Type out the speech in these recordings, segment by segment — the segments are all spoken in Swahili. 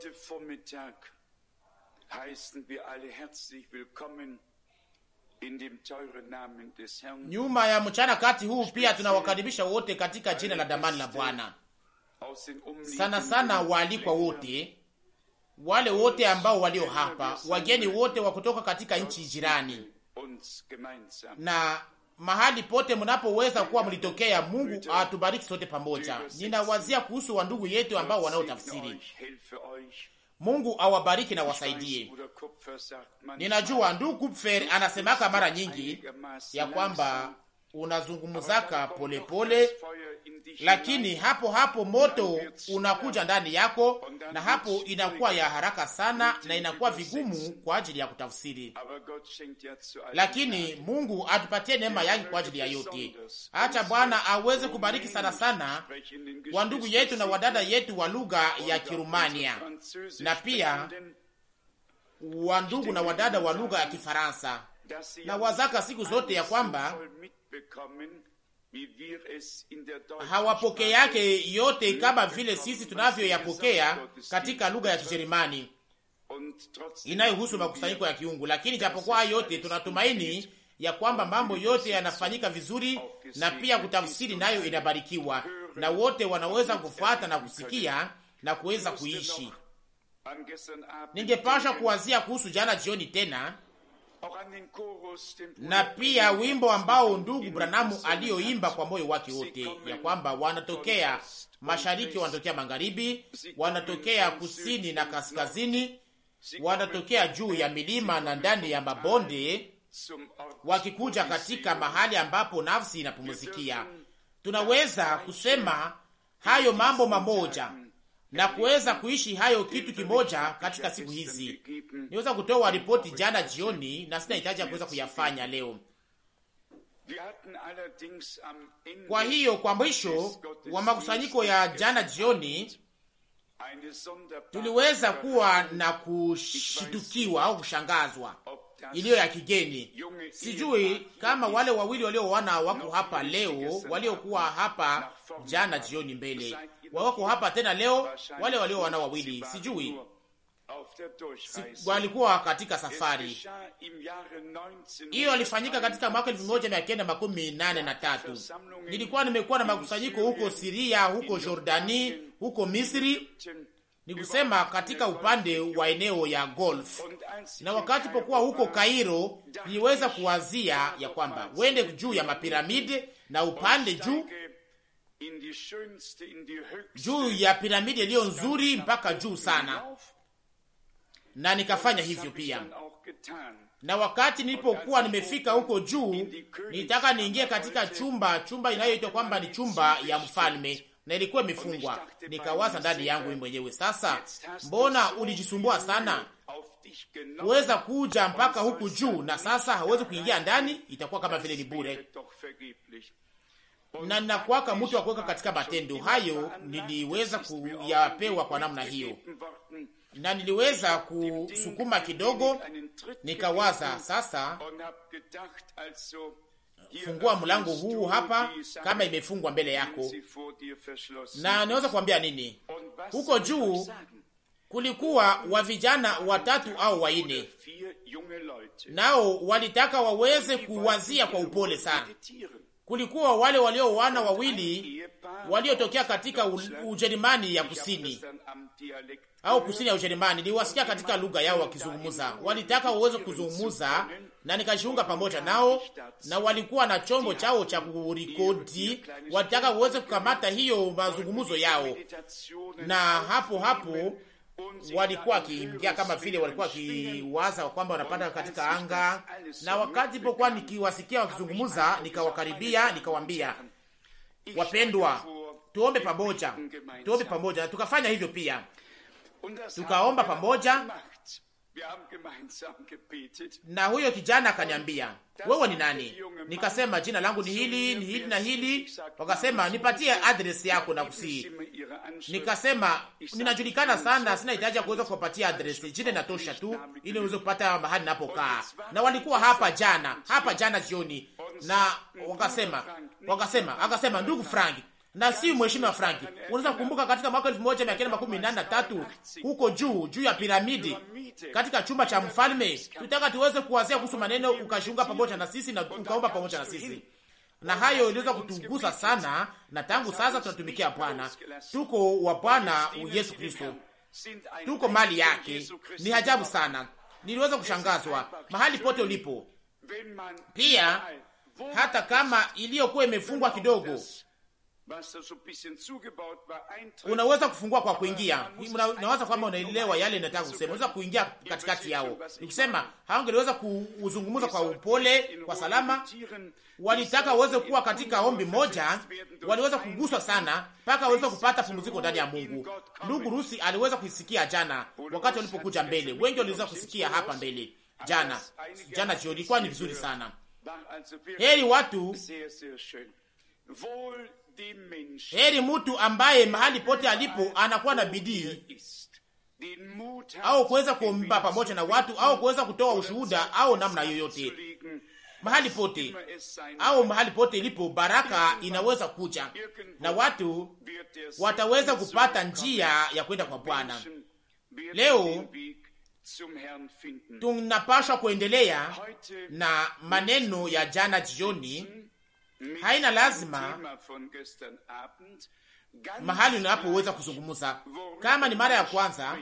Heute Vormittag heißen wir alle herzlich willkommen in dem teuren Namen des Herrn. Nyuma ya mchana kati huu pia tunawakaribisha wote katika jina la damani la Bwana. Sana sana waalikwa wote, wale wote ambao walio hapa, wageni wote wa kutoka katika nchi jirani na mahali pote mnapoweza kuwa mlitokea. Mungu atubariki sote pamoja. Ninawazia kuhusu wandugu yetu ambao wanaotafsiri. Mungu awabariki na wasaidie. Ninajua ndugu Kupfer anasemaka mara nyingi ya kwamba unazungumzaka polepole lakini hapo hapo moto unakuja ndani yako, na hapo inakuwa ya haraka sana na inakuwa vigumu kwa ajili ya kutafsiri. Lakini Mungu atupatie neema yake kwa ajili ya yote. Acha Bwana aweze kubariki sana sana wandugu yetu na wadada yetu wa lugha ya Kirumania na pia wandugu na wadada wa lugha ya Kifaransa na wazaka siku zote ya kwamba hawapokee yake yote kama vile sisi tunavyoyapokea katika lugha ya Kijerumani inayohusu makusanyiko ya kiungu. Lakini japokuwa hayo yote, tunatumaini ya kwamba mambo yote yanafanyika vizuri, na pia kutafsiri nayo inabarikiwa, na wote wanaweza kufuata na kusikia na kuweza kuishi. Ningepasha kuwazia kuhusu jana jioni tena na pia wimbo ambao ndugu Branamu aliyoimba kwa moyo wake wote, ya kwamba wanatokea mashariki, wanatokea magharibi, wanatokea kusini na kaskazini, wanatokea juu ya milima na ndani ya mabonde, wakikuja katika mahali ambapo nafsi inapumzikia. Tunaweza kusema hayo mambo mamoja na kuweza kuishi hayo kitu kimoja katika siku hizi. Niweza kutoa ripoti jana jioni, na sina hitaji ya kuweza kuyafanya leo. Kwa hiyo kwa mwisho wa makusanyiko ya jana jioni tuliweza kuwa na kushitukiwa au kushangazwa iliyo ya kigeni. Sijui kama wale wawili walioana wako hapa leo waliokuwa hapa jana jioni mbele wako hapa tena leo. Wale walio wana wawili sijui si, walikuwa katika safari hiyo, alifanyika katika mwaka elfu moja mia kenda makumi nane na tatu. Nilikuwa nimekuwa na makusanyiko huko Siria, huko Jordani, huko Misri, ni kusema katika upande wa eneo ya golf. Na wakati pokuwa huko Kairo, niliweza kuwazia ya kwamba wende juu ya mapiramide na upande juu juu ya piramidi iliyo nzuri mpaka juu sana, na nikafanya hivyo pia. Na wakati nilipokuwa nimefika huko juu, nilitaka niingie katika chumba chumba inayoitwa kwamba ni chumba ya mfalme, na ilikuwa imefungwa. Nikawaza ndani yangu mwenyewe, sasa, mbona ulijisumbua sana kuweza kuja mpaka huku juu, na sasa hawezi kuingia ndani? Itakuwa kama vile ni bure na nakwaka mtu wa kuweka katika matendo hayo. Niliweza kuyapewa kwa namna hiyo, na niliweza kusukuma kidogo, nikawaza sasa, fungua mlango huu hapa, kama imefungwa mbele yako, na niweza kuambia nini huko juu. Kulikuwa wa vijana watatu au waine nao walitaka waweze kuwazia kwa upole sana kulikuwa wale walio wana wawili waliotokea katika Ujerumani ya kusini au kusini ya Ujerumani. Niliwasikia katika lugha yao wakizungumuza, walitaka waweze kuzungumuza na nikajiunga pamoja nao, na walikuwa na chombo chao cha kurikodi Walitaka waweze kukamata hiyo mazungumzo yao, na hapo hapo walikuwa wakiingia kama vile walikuwa wakiwaza kwamba wanapanda katika anga, na wakati pokuwa nikiwasikia wakizungumza, nikawakaribia nikawambia, wapendwa, tuombe pamoja, tuombe pamoja, na tukafanya hivyo pia tukaomba pamoja na huyo kijana akaniambia, wewe ni nani? Nikasema, jina langu ni hili ni hili na hili. Wakasema, nipatie address yako na kusii. Nikasema, ninajulikana sana, sina hitaji ya kuweza kuwapatia address, jina inatosha tu, ili uweze kupata mahali napokaa. Na walikuwa hapa jana, hapa jana jioni, na wakasema, wakasema, akasema, ndugu Frank, na si wa Franki. Unaweza kukumbuka katika mwaka elfu moja mia kenda makumi nane na tatu huko juu juu ya piramidi katika chumba cha mfalme, tutaka tuweze kuwazia kuhusu maneno, ukashunga pamoja na sisi na ukaomba pamoja na sisi, na hayo iliweza kutugusa sana, na tangu sasa tunatumikia Bwana, tuko wa Bwana Yesu Kristo, tuko mali yake. Ni ajabu sana, niliweza kushangazwa mahali pote ulipo, pia hata kama iliyokuwa imefungwa kidogo unaweza kufungua kwa kuingia. Nawaza kwamba unaelewa um yale nataka kusema. Unaweza kuingia katikati yao, nikusema hawangeliweza kuzungumza kwa upole, kwa salama. Walitaka waweze kuwa katika ombi moja, waliweza kuguswa sana mpaka waweze kupata pumziko ndani ya Mungu. Ndugu Rusi aliweza kuisikia jana wakati walipokuja mbele, wengi waliweza kusikia hapa mbele jana, jana jioni. Ilikuwa ni vizuri sana. Heri watu Heri mtu ambaye mahali pote alipo anakuwa na bidii au kuweza kuomba pamoja na watu au kuweza kutoa ushuhuda au namna yoyote, mahali pote au mahali pote ilipo, baraka inaweza kuja na watu wataweza kupata njia ya kwenda kwa Bwana. Leo tunapashwa kuendelea na maneno ya jana jioni haina lazima mahali unapoweza kuzungumza kama ni mara ya kwanza.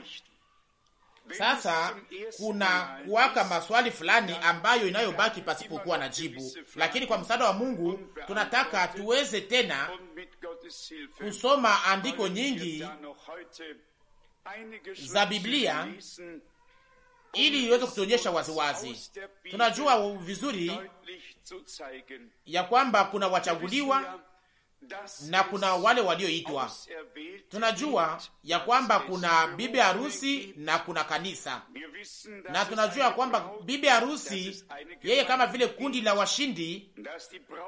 Sasa kuna kuwaka maswali fulani ambayo inayobaki pasipokuwa na jibu, lakini kwa msaada wa Mungu tunataka tuweze tena kusoma andiko nyingi za Biblia ili iweze kutuonyesha waziwazi. Tunajua vizuri ya kwamba kuna wachaguliwa na kuna wale walioitwa. Tunajua ya kwamba kuna bibi harusi na kuna kanisa, na tunajua ya kwamba bibi harusi yeye, kama vile kundi la washindi,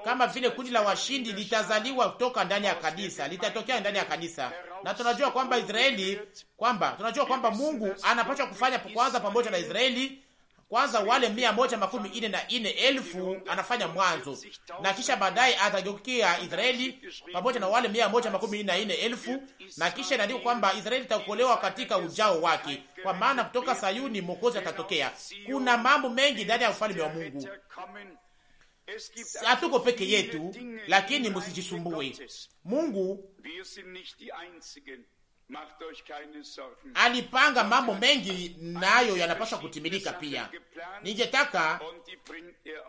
kama vile kundi la washindi litazaliwa kutoka ndani ya kanisa, litatokea ndani ya kanisa. Na tunajua kwamba Israeli, kwamba tunajua kwamba Mungu anapaswa kufanya kwanza pamoja na Israeli kwanza wale mia moja makumi ine na ine elfu anafanya mwanzo, na kisha baadaye atageukia Israeli pamoja na wale mia moja makumi ine na ine elfu na kisha inaandikwa kwamba Israeli itaokolewa katika ujao wake, kwa maana kutoka Sayuni mwokozi atatokea. Kuna mambo mengi ndani ya ufalme wa Mungu, hatuko peke yetu, lakini msijisumbue Mungu alipanga mambo er mengi, nayo yanapaswa kutimilika pia. Ningetaka er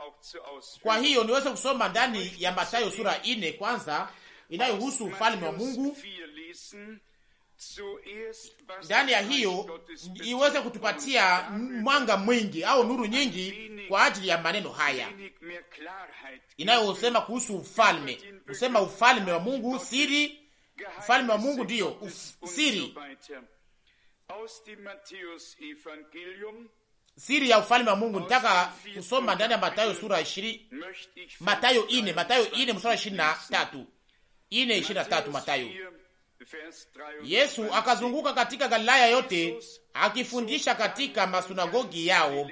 kwa hiyo niweze kusoma ndani ya Mathayo sura ine kwanza inayohusu ufalme wa Mungu. Ndani ya hiyo iweze kutupatia mwanga mwingi au nuru nyingi kwa ajili ya maneno haya inayosema kuhusu ufalme, kusema ufalme wa Mungu, siri Ufalme wa Mungu ndiyo siri, siri ya ufalme wa Mungu. Nitaka kusoma ndani ya Matayo sura ishirini, Matayo ine, Matayo ine msura ishirini na tatu ine ishirini na tatu Matayo. Yesu akazunguka katika Galilaya yote akifundisha katika masunagogi yao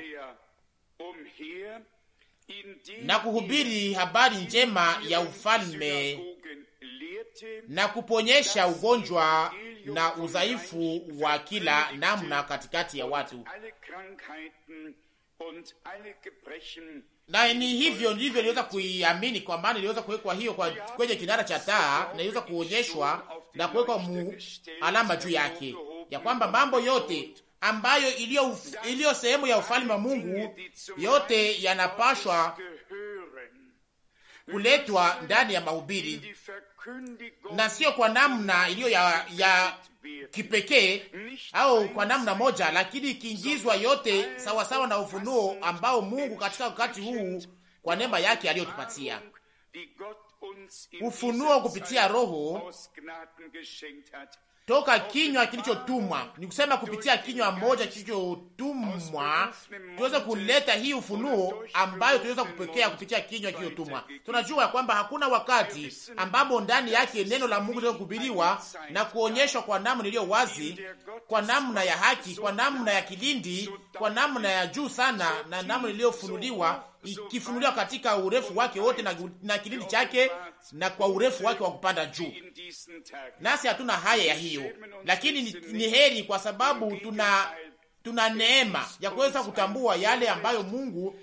na kuhubiri habari njema ya ufalme na kuponyesha ugonjwa na udhaifu wa kila namna katikati ya watu. Na ni hivyo ndivyo niliweza kuiamini, kwa maana niliweza kuwekwa hiyo kwa kwenye kinara cha taa, na niliweza kuonyeshwa na kuwekwa alama juu yake ya kwamba mambo yote ambayo iliyo iliyo sehemu ya ufalme wa Mungu yote yanapashwa kuletwa ndani ya mahubiri na sio kwa namna iliyo ya, ya kipekee au kwa namna moja, lakini ikiingizwa yote sawasawa na ufunuo ambao Mungu katika wakati huu kwa neema yake aliyotupatia ufunuo kupitia Roho toka kinywa kilichotumwa, ni kusema kupitia kinywa moja kilichotumwa tuweze kuleta hii ufunuo ambayo tuweza kupokea kupitia kinywa kilichotumwa. Tunajua ya kwamba hakuna wakati ambapo ndani yake neno la Mungu kuhubiriwa na kuonyeshwa kwa namna iliyo wazi, kwa namna ya haki, kwa namna ya kilindi, kwa namna ya juu sana na namna iliyofunuliwa ikifunuliwa katika urefu wake wote na, na kilindi chake na kwa urefu wake wa kupanda juu. Nasi hatuna haya ya hiyo, lakini ni, ni heri kwa sababu tuna tuna neema ya kuweza kutambua yale ambayo Mungu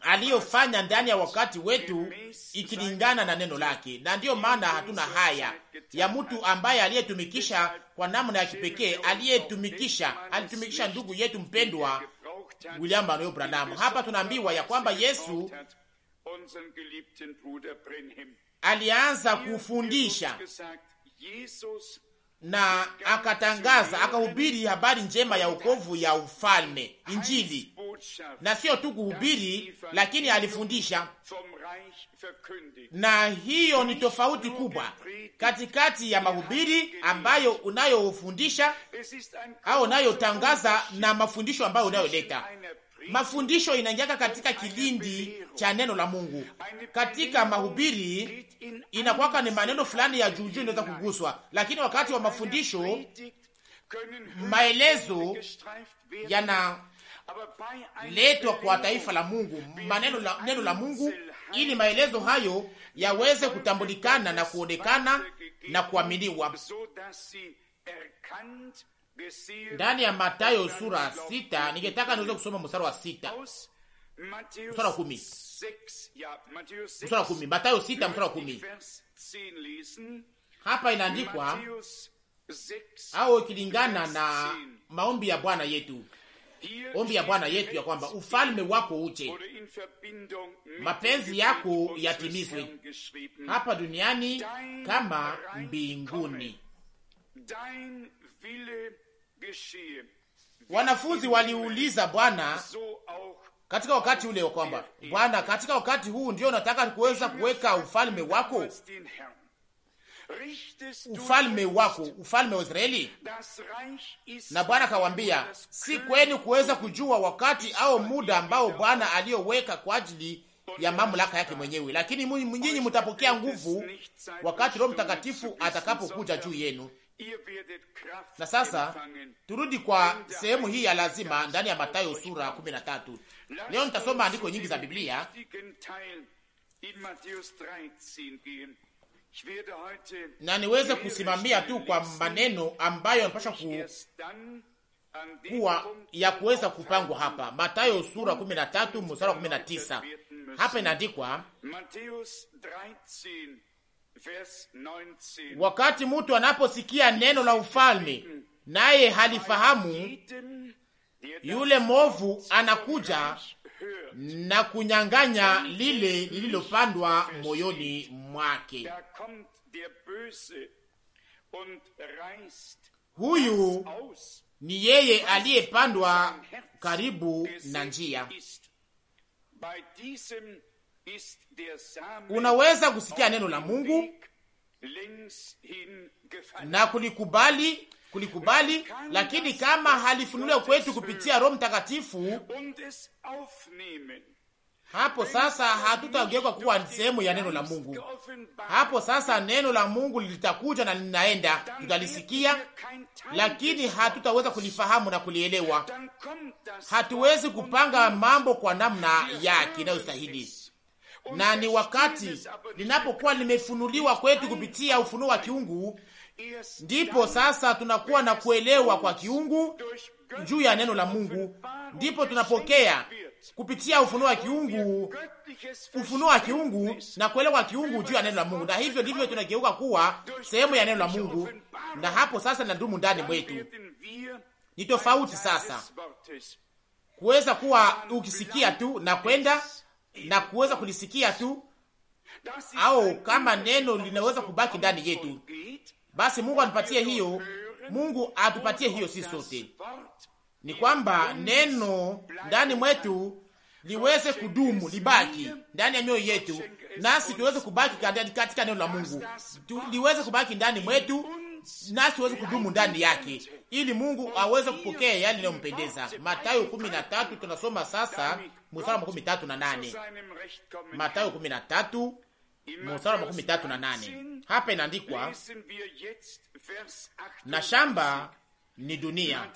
aliyofanya ndani ya wakati wetu ikilingana na neno lake, na ndiyo maana hatuna haya ya mtu ambaye aliyetumikisha kwa namna ya kipekee, aliyetumikisha alitumikisha ndugu yetu mpendwa William Manuel Branham. Hapa tunaambiwa ya kwamba Yesu alianza kufundisha na akatangaza akahubiri habari njema ya ukovu ya ufalme Injili, na sio tu kuhubiri, lakini alifundisha. Na hiyo ni tofauti kubwa katikati ya mahubiri ambayo unayofundisha au unayotangaza na mafundisho ambayo unayoleta. Mafundisho inaingiaka katika kilindi cha neno la Mungu. Katika mahubiri inakwaka ni maneno fulani ya juujuu inaweza kuguswa, lakini wakati wa mafundisho maelezo yanaletwa kwa taifa la Mungu, maneno la, neno la Mungu, ili maelezo hayo yaweze kutambulikana na kuonekana na kuaminiwa ndani ya Mathayo sura sita. Ningetaka niweze kusoma mstari wa sita mstari wa kumi, mstari wa kumi, sita mstari wa kumi. Hapa inaandikwa au ikilingana na maombi ya Bwana yetu ombi ya Bwana yetu ya kwamba ufalme wako uje, mapenzi yako yatimizwe hapa duniani kama mbinguni. Wanafunzi waliuliza Bwana katika wakati ule kwamba Bwana, katika wakati huu ndio nataka kuweza kuweka ufalme wako, ufalme wako, ufalme wa Israeli. Na Bwana akawambia, si kwenu kuweza kujua wakati au muda ambao Bwana aliyoweka kwa ajili ya mamlaka yake mwenyewe, lakini nyinyi mtapokea nguvu wakati Roho Mtakatifu atakapokuja juu yenu. Na sasa turudi kwa sehemu hii ya lazima ndani ya Mathayo sura tatu Leo nitasoma andiko nyingi za Biblia na niweze kusimamia tu kwa maneno ambayo yanapaswa ku kuwa ya kuweza kupangwa hapa. Mathayo sura 13 mstari wa 19, hapa inaandikwa wakati mtu anaposikia neno la ufalme naye halifahamu, yule movu anakuja na kunyang'anya lile lililopandwa moyoni mwake. Huyu ni yeye aliyepandwa karibu na njia. Unaweza kusikia neno la Mungu na kulikubali kulikubali, lakini kama halifunuliwa kwetu kupitia Roho Mtakatifu, hapo sasa hatutageuka kuwa sehemu ya neno la Mungu. Hapo sasa neno la Mungu litakuja na linaenda, tutalisikia, lakini hatutaweza kulifahamu na kulielewa. Hatuwezi kupanga mambo kwa namna yake inayostahili na ni wakati linapokuwa limefunuliwa kwetu kupitia ufunuo wa kiungu, ndipo sasa tunakuwa na kuelewa kwa kiungu juu ya neno la Mungu, ndipo tunapokea kupitia ufunuo wa kiungu, ufunuo wa kiungu na kuelewa kiungu juu ya neno la Mungu, na hivyo ndivyo tunageuka kuwa sehemu ya neno la Mungu, na hapo sasa dumu ndani mwetu. Ni tofauti sasa kuweza kuwa ukisikia tu na kwenda na kuweza kulisikia tu, au kama neno linaweza kubaki ndani yetu basi Mungu anipatie hiyo, Mungu atupatie hiyo sisi sote, ni kwamba neno ndani mwetu liweze kudumu, libaki ndani ya mioyo yetu, nasi tuweze kubaki katika neno la Mungu, liweze kubaki ndani mwetu, nasi tuweze kudumu ndani yake, ili Mungu aweze kupokea yale yanayompendeza. Mathayo 13 tunasoma sasa, mstari wa 13 na 8. Mathayo 13 mstari makumi tatu na nane hapa inaandikwa na shamba ni dunia,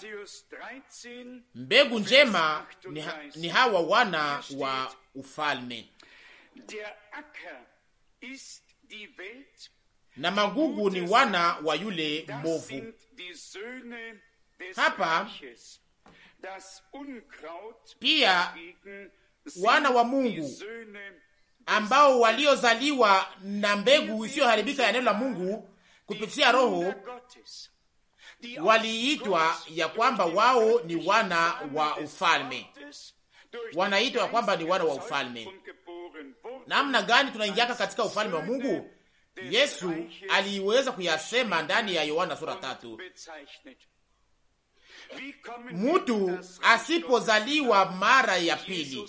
mbegu njema ni, ha ni hawa wana wa ufalme, na magugu ni wana wa yule mbovu. Hapa pia wana wa Mungu ambao waliozaliwa na mbegu isiyoharibika ya neno la Mungu kupitia Roho waliitwa ya kwamba wao ni wana wa ufalme, wanaitwa ya kwamba ni wana wa ufalme. Namna gani tunaingiaka katika ufalme wa Mungu? Yesu aliweza kuyasema ndani ya Yohana sura tatu. Mtu asipozaliwa mara ya pili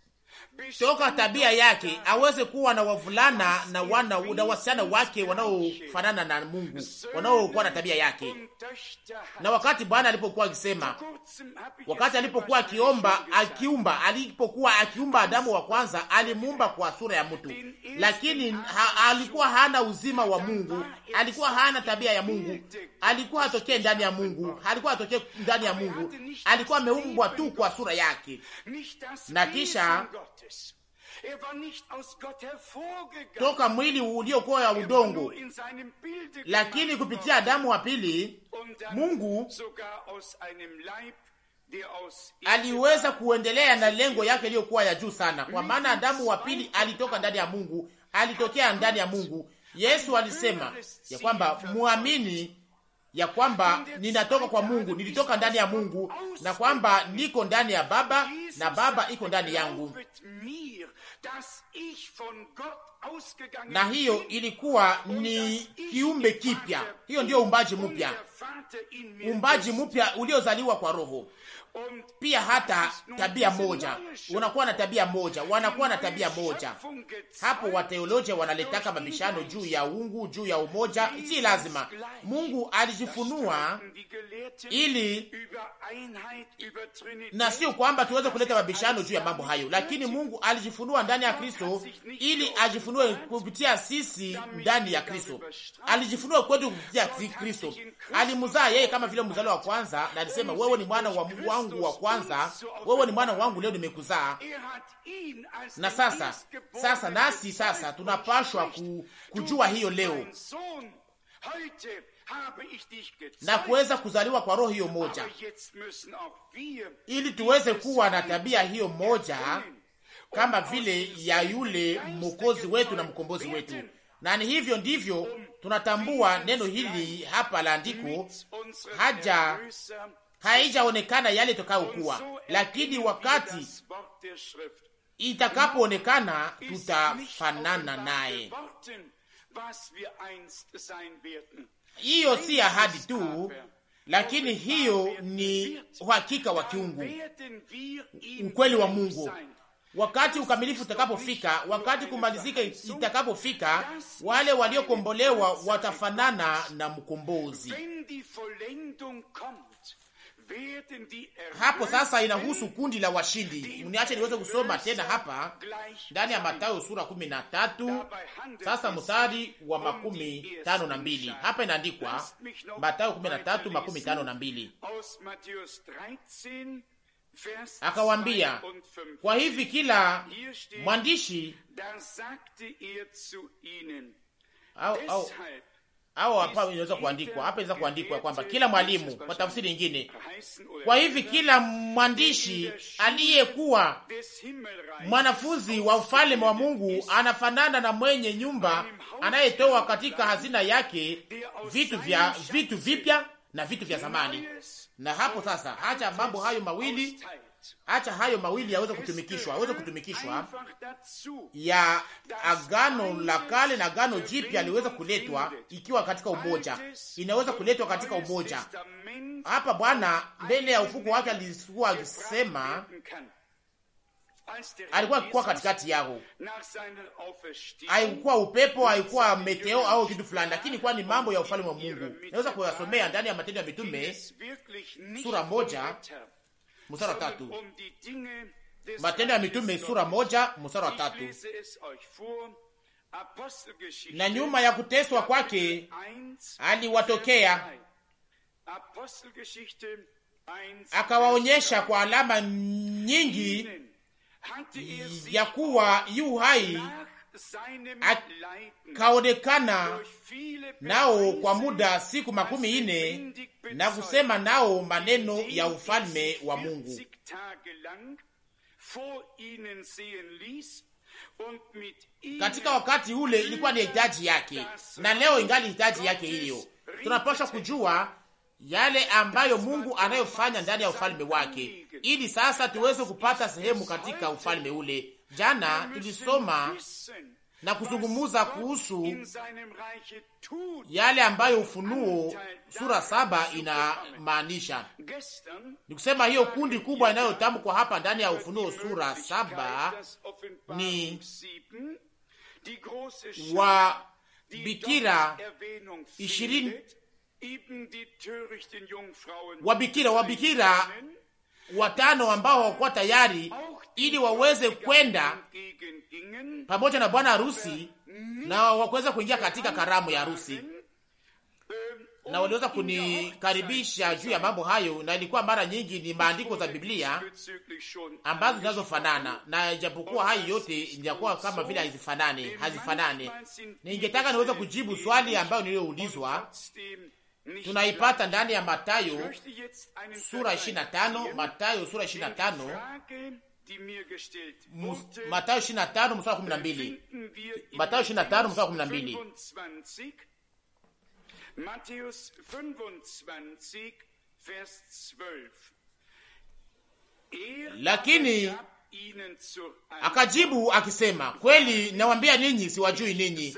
toka tabia yake aweze kuwa na wavulana na wana na wasichana wake wanaofanana na Mungu, wanaokuwa na tabia yake. Na wakati Bwana alipokuwa akisema, wakati alipokuwa akiomba, akiumba, alipokuwa akiumba Adamu wa kwanza, alimuumba kwa sura ya mtu, lakini ha, alikuwa hana uzima wa Mungu, alikuwa hana tabia ya Mungu, alikuwa atokee ndani ya Mungu, alikuwa atokee ndani ya Mungu, alikuwa ameumbwa tu kwa sura yake na kisha Er toka mwili uliokuwa ya er udongo, lakini kupitia damu wa pili Mungu aliweza kuendelea na lengo yake iliyokuwa ya juu sana, kwa maana Adamu wa pili alitoka ndani ya Mungu, alitokea ndani ya Mungu. Yesu alisema ya kwamba muamini ya kwamba ninatoka kwa Mungu, nilitoka ndani ya Mungu, na kwamba niko ndani ya Baba na Baba iko ndani yangu. Na hiyo ilikuwa ni kiumbe kipya, hiyo ndiyo umbaji mpya, umbaji mpya uliozaliwa kwa Roho pia hata tabia moja, unakuwa na tabia moja, wanakuwa na tabia moja. Hapo wateolojia wanaletaka mabishano juu ya uungu, juu ya umoja. Si lazima, Mungu alijifunua ili, na sio kwamba tuweze kuleta mabishano juu ya mambo hayo, lakini Mungu alijifunua ndani ya Kristo ili ajifunue kupitia sisi ndani ya Kristo. Alijifunua kwetu kupitia Kristo, alimzaa yeye kama vile mzalo wa kwanza, na alisema wewe ni mwana wa Mungu wangu wa kwanza, wewe ni mwana wangu, leo nimekuzaa. Na sasa sasa, nasi sasa tunapashwa ku, kujua hiyo leo na kuweza kuzaliwa kwa roho hiyo moja, ili tuweze kuwa na tabia hiyo moja kama vile ya yule mwokozi wetu na mkombozi wetu. Na ni hivyo ndivyo um tunatambua neno hili hapa la andiko haja haijaonekana yale itakayokuwa, lakini wakati itakapoonekana tutafanana naye. Hiyo si ahadi tu, lakini hiyo ni uhakika wa kiungu, ukweli wa Mungu. Wakati ukamilifu utakapofika, wakati kumalizika itakapofika, wale waliokombolewa watafanana na mkombozi hapo sasa inahusu kundi la washindi. Uniache niweze kusoma tena hapa ndani ya Mathayo sura kumi na tatu sasa mstari wa makumi tano na mbili hapa inaandikwa Mathayo kumi na tatu makumi tano na mbili akawambia kwa hivi kila mwandishi er au, au, au hapa inaweza kuandikwa hapa, inaweza kuandikwa kwamba kila mwalimu, kwa tafsiri nyingine. Kwa hivi kila mwandishi aliyekuwa mwanafunzi wa ufalme wa Mungu anafanana na mwenye nyumba anayetoa katika hazina yake vitu vya vitu vipya na vitu vya zamani. Na hapo sasa, acha mambo hayo mawili Acha hayo mawili yaweze kutumikishwa, aweze kutumikishwa ya agano la kale na agano jipya liweze kuletwa ikiwa katika umoja, inaweza kuletwa katika umoja hapa. Bwana mbele ya ufuko wake alikuwa akisema, alikuwa akikuwa katikati yao, haikuwa upepo, haikuwa meteo au kitu fulani, lakini kwa ni mambo ya ufalme wa Mungu. Naweza kuyasomea ndani ya Matendo ya Mitume sura moja mstari wa tatu. Um Matendo ya Mitume sura moja mstari wa tatu. Na nyuma ya kuteswa kwake aliwatokea akawaonyesha kwa alama nyingi er ya kuwa yu hai akaonekana nao kwa muda siku makumi ine na kusema nao maneno ya ufalme wa Mungu katika wakati ule ilikuwa ni hitaji yake, na leo ingali hitaji yake hiyo. Tunapaswa kujua yale ambayo Mungu anayofanya ndani ya ufalme wake, ili sasa tuweze kupata sehemu katika ufalme ule. Jana tulisoma na kuzungumuza kuhusu yale ambayo Ufunuo sura saba inamaanisha. Ni kusema hiyo kundi kubwa inayotamkwa hapa ndani ya Ufunuo sura saba ni wa bikira ishirini wabikira wabikira watano ambao hawakuwa tayari ili waweze kwenda pamoja na bwana harusi na wakuweza kuingia katika karamu ya harusi, na waliweza kunikaribisha juu ya mambo hayo, na ilikuwa mara nyingi ni maandiko za Biblia ambazo zinazofanana, na ijapokuwa hayo yote inakuwa kama vile hazifanani hazifanani. Ningetaka niweze kujibu swali ambayo niliyoulizwa tunaipata ndani ya Matayo sura 25, Matayo sura 25, Matayo 25 mstari wa 12, Matayo 25 mstari wa 12. Matthäus 25 vers 12. Er Lakini Akajibu akisema, kweli nawambia ninyi, siwajui ninyi.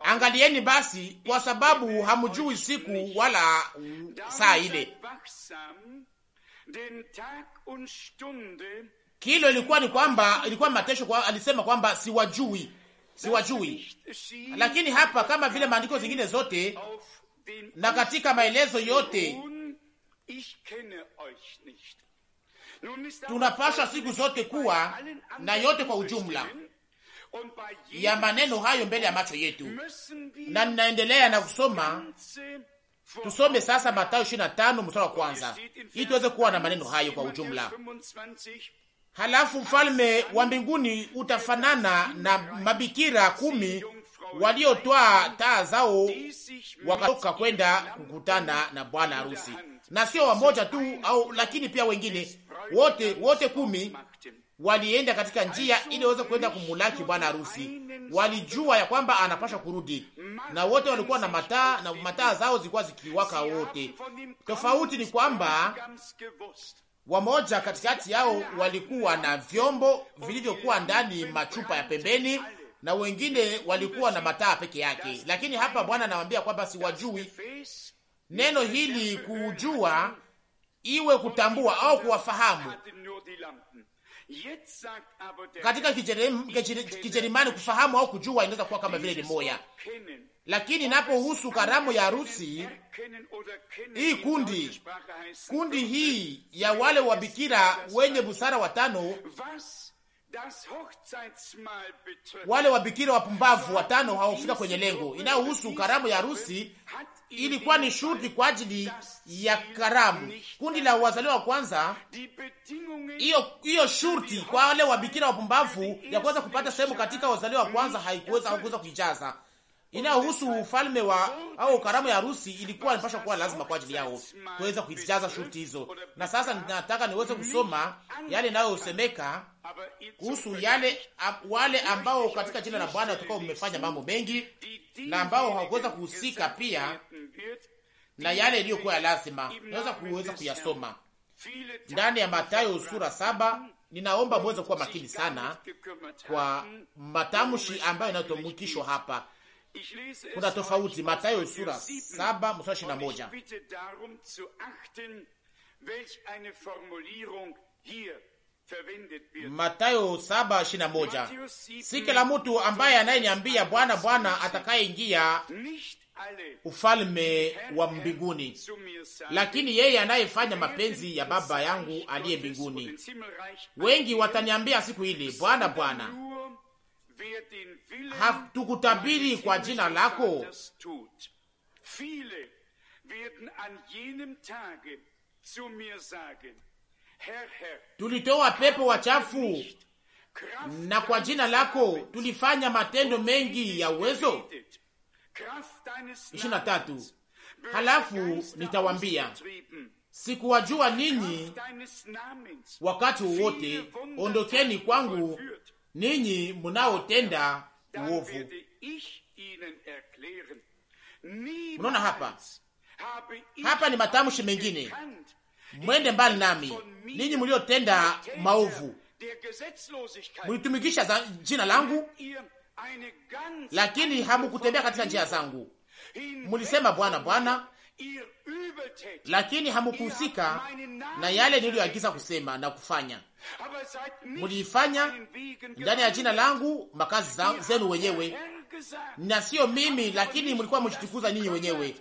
Angalieni basi, kwa sababu hamjui siku wala saa ile. Kilo ilikuwa ni kwamba ilikuwa matesho kwa, alisema kwamba siwajui, siwajui. Lakini hapa kama vile maandiko zingine zote na katika maelezo yote tunapasha siku zote kuwa na yote kwa ujumla ya maneno hayo mbele ya macho yetu, na ninaendelea na kusoma. Tusome sasa Mathayo 25 mstari wa kwanza ili tuweze kuwa na maneno hayo kwa ujumla. Halafu mfalme wa mbinguni utafanana na mabikira kumi waliotwaa taa zao wakatoka kwenda kukutana na bwana harusi, na sio wamoja tu au, lakini pia wengine wote wote kumi walienda katika njia ili waweze kwenda kumulaki bwana harusi. Walijua ya kwamba anapasha kurudi, na wote walikuwa na mataa na mataa zao zilikuwa zikiwaka wote. Tofauti ni kwamba wamoja katikati yao walikuwa na vyombo vilivyokuwa ndani machupa ya pembeni, na wengine walikuwa na mataa peke yake. Lakini hapa Bwana anawaambia kwamba siwajui. Neno hili kujua iwe kutambua au kuwafahamu katika kijerimani kufahamu au kujua inaweza kuwa kama vile ni moya, lakini inapohusu karamu ya harusi er hii, kundi kundi hii ya wale wabikira wenye busara watano wale wabikira wapumbavu watano hawafika kwenye lengo inayohusu karamu ya harusi. Ilikuwa ni shurti kwa ajili ya karamu. Kundi la wazaliwa wa kwanza, hiyo hiyo shurti kwa wale wabikira wapumbavu ya kuweza kupata sehemu katika wazaliwa wa kwanza haikuweza, hakuweza kuijaza inayohusu ufalme wa au karamu ya harusi ilikuwa inapaswa kuwa lazima kwa ajili yao kuweza kuijaza shuti hizo. Na sasa nataka niweze kusoma yale inayosemeka kuhusu yale wale ambao katika jina la Bwana watakuwa wamefanya mambo mengi na ambao hawakuweza kuhusika pia na yale iliyokuwa ya lazima. Naweza kuweza kuyasoma ndani ya Mathayo sura saba. Ninaomba muweze kuwa makini sana kwa matamshi ambayo yanayotamkishwa hapa kuna tofauti. matayo sura saba mstari ishirini na moja. Matayo saba ishirini na moja. Si kila mtu ambaye anayeniambia Bwana, Bwana atakayeingia ufalme wa mbinguni, lakini yeye anayefanya mapenzi ya Baba yangu aliye mbinguni. Wengi wataniambia siku ile, Bwana, Bwana, hatukutabiri kwa jina lako. Tulitoa pepo wachafu na kwa jina lako tulifanya matendo mengi ya uwezo. ishirini na tatu. Halafu nitawambia sikuwajua ninyi wakati wowote, ondokeni kwangu ninyi munaotenda uovu. Mnaona hapa hapa ni matamshi mengine, mwende mbali nami ninyi mliotenda maovu, mlitumikisha jina langu, lakini hamukutembea katika njia zangu. Mlisema Bwana, Bwana, lakini hamukuhusika na yale niliyoagiza kusema na kufanya. Mulifanya ndani ya jina langu makazi zenu wenyewe, na sio mimi, lakini mlikuwa mkitukuza ninyi wenyewe.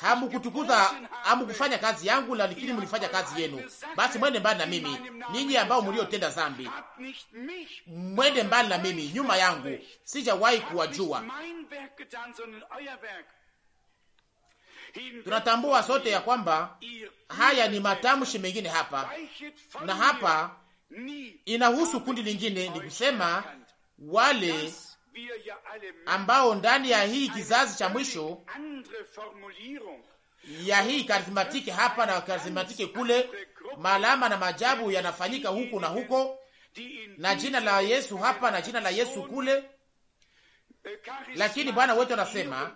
Hamukutukuza, hamukufanya kazi yangu, lakini mlifanya kazi yenu. Basi mwende mbali na mimi, ninyi ambao mliotenda zambi, mwende mbali na mimi, nyuma yangu. Sijawahi kuwajua Tunatambua sote ya kwamba haya ni matamshi mengine hapa na hapa, inahusu kundi lingine, ni kusema wale ambao ndani ya hii kizazi cha mwisho ya hii karismatiki hapa na karismatiki kule, maalama na maajabu yanafanyika huku na huko, na jina la Yesu hapa na jina la Yesu kule. Lakini Bwana wetu anasema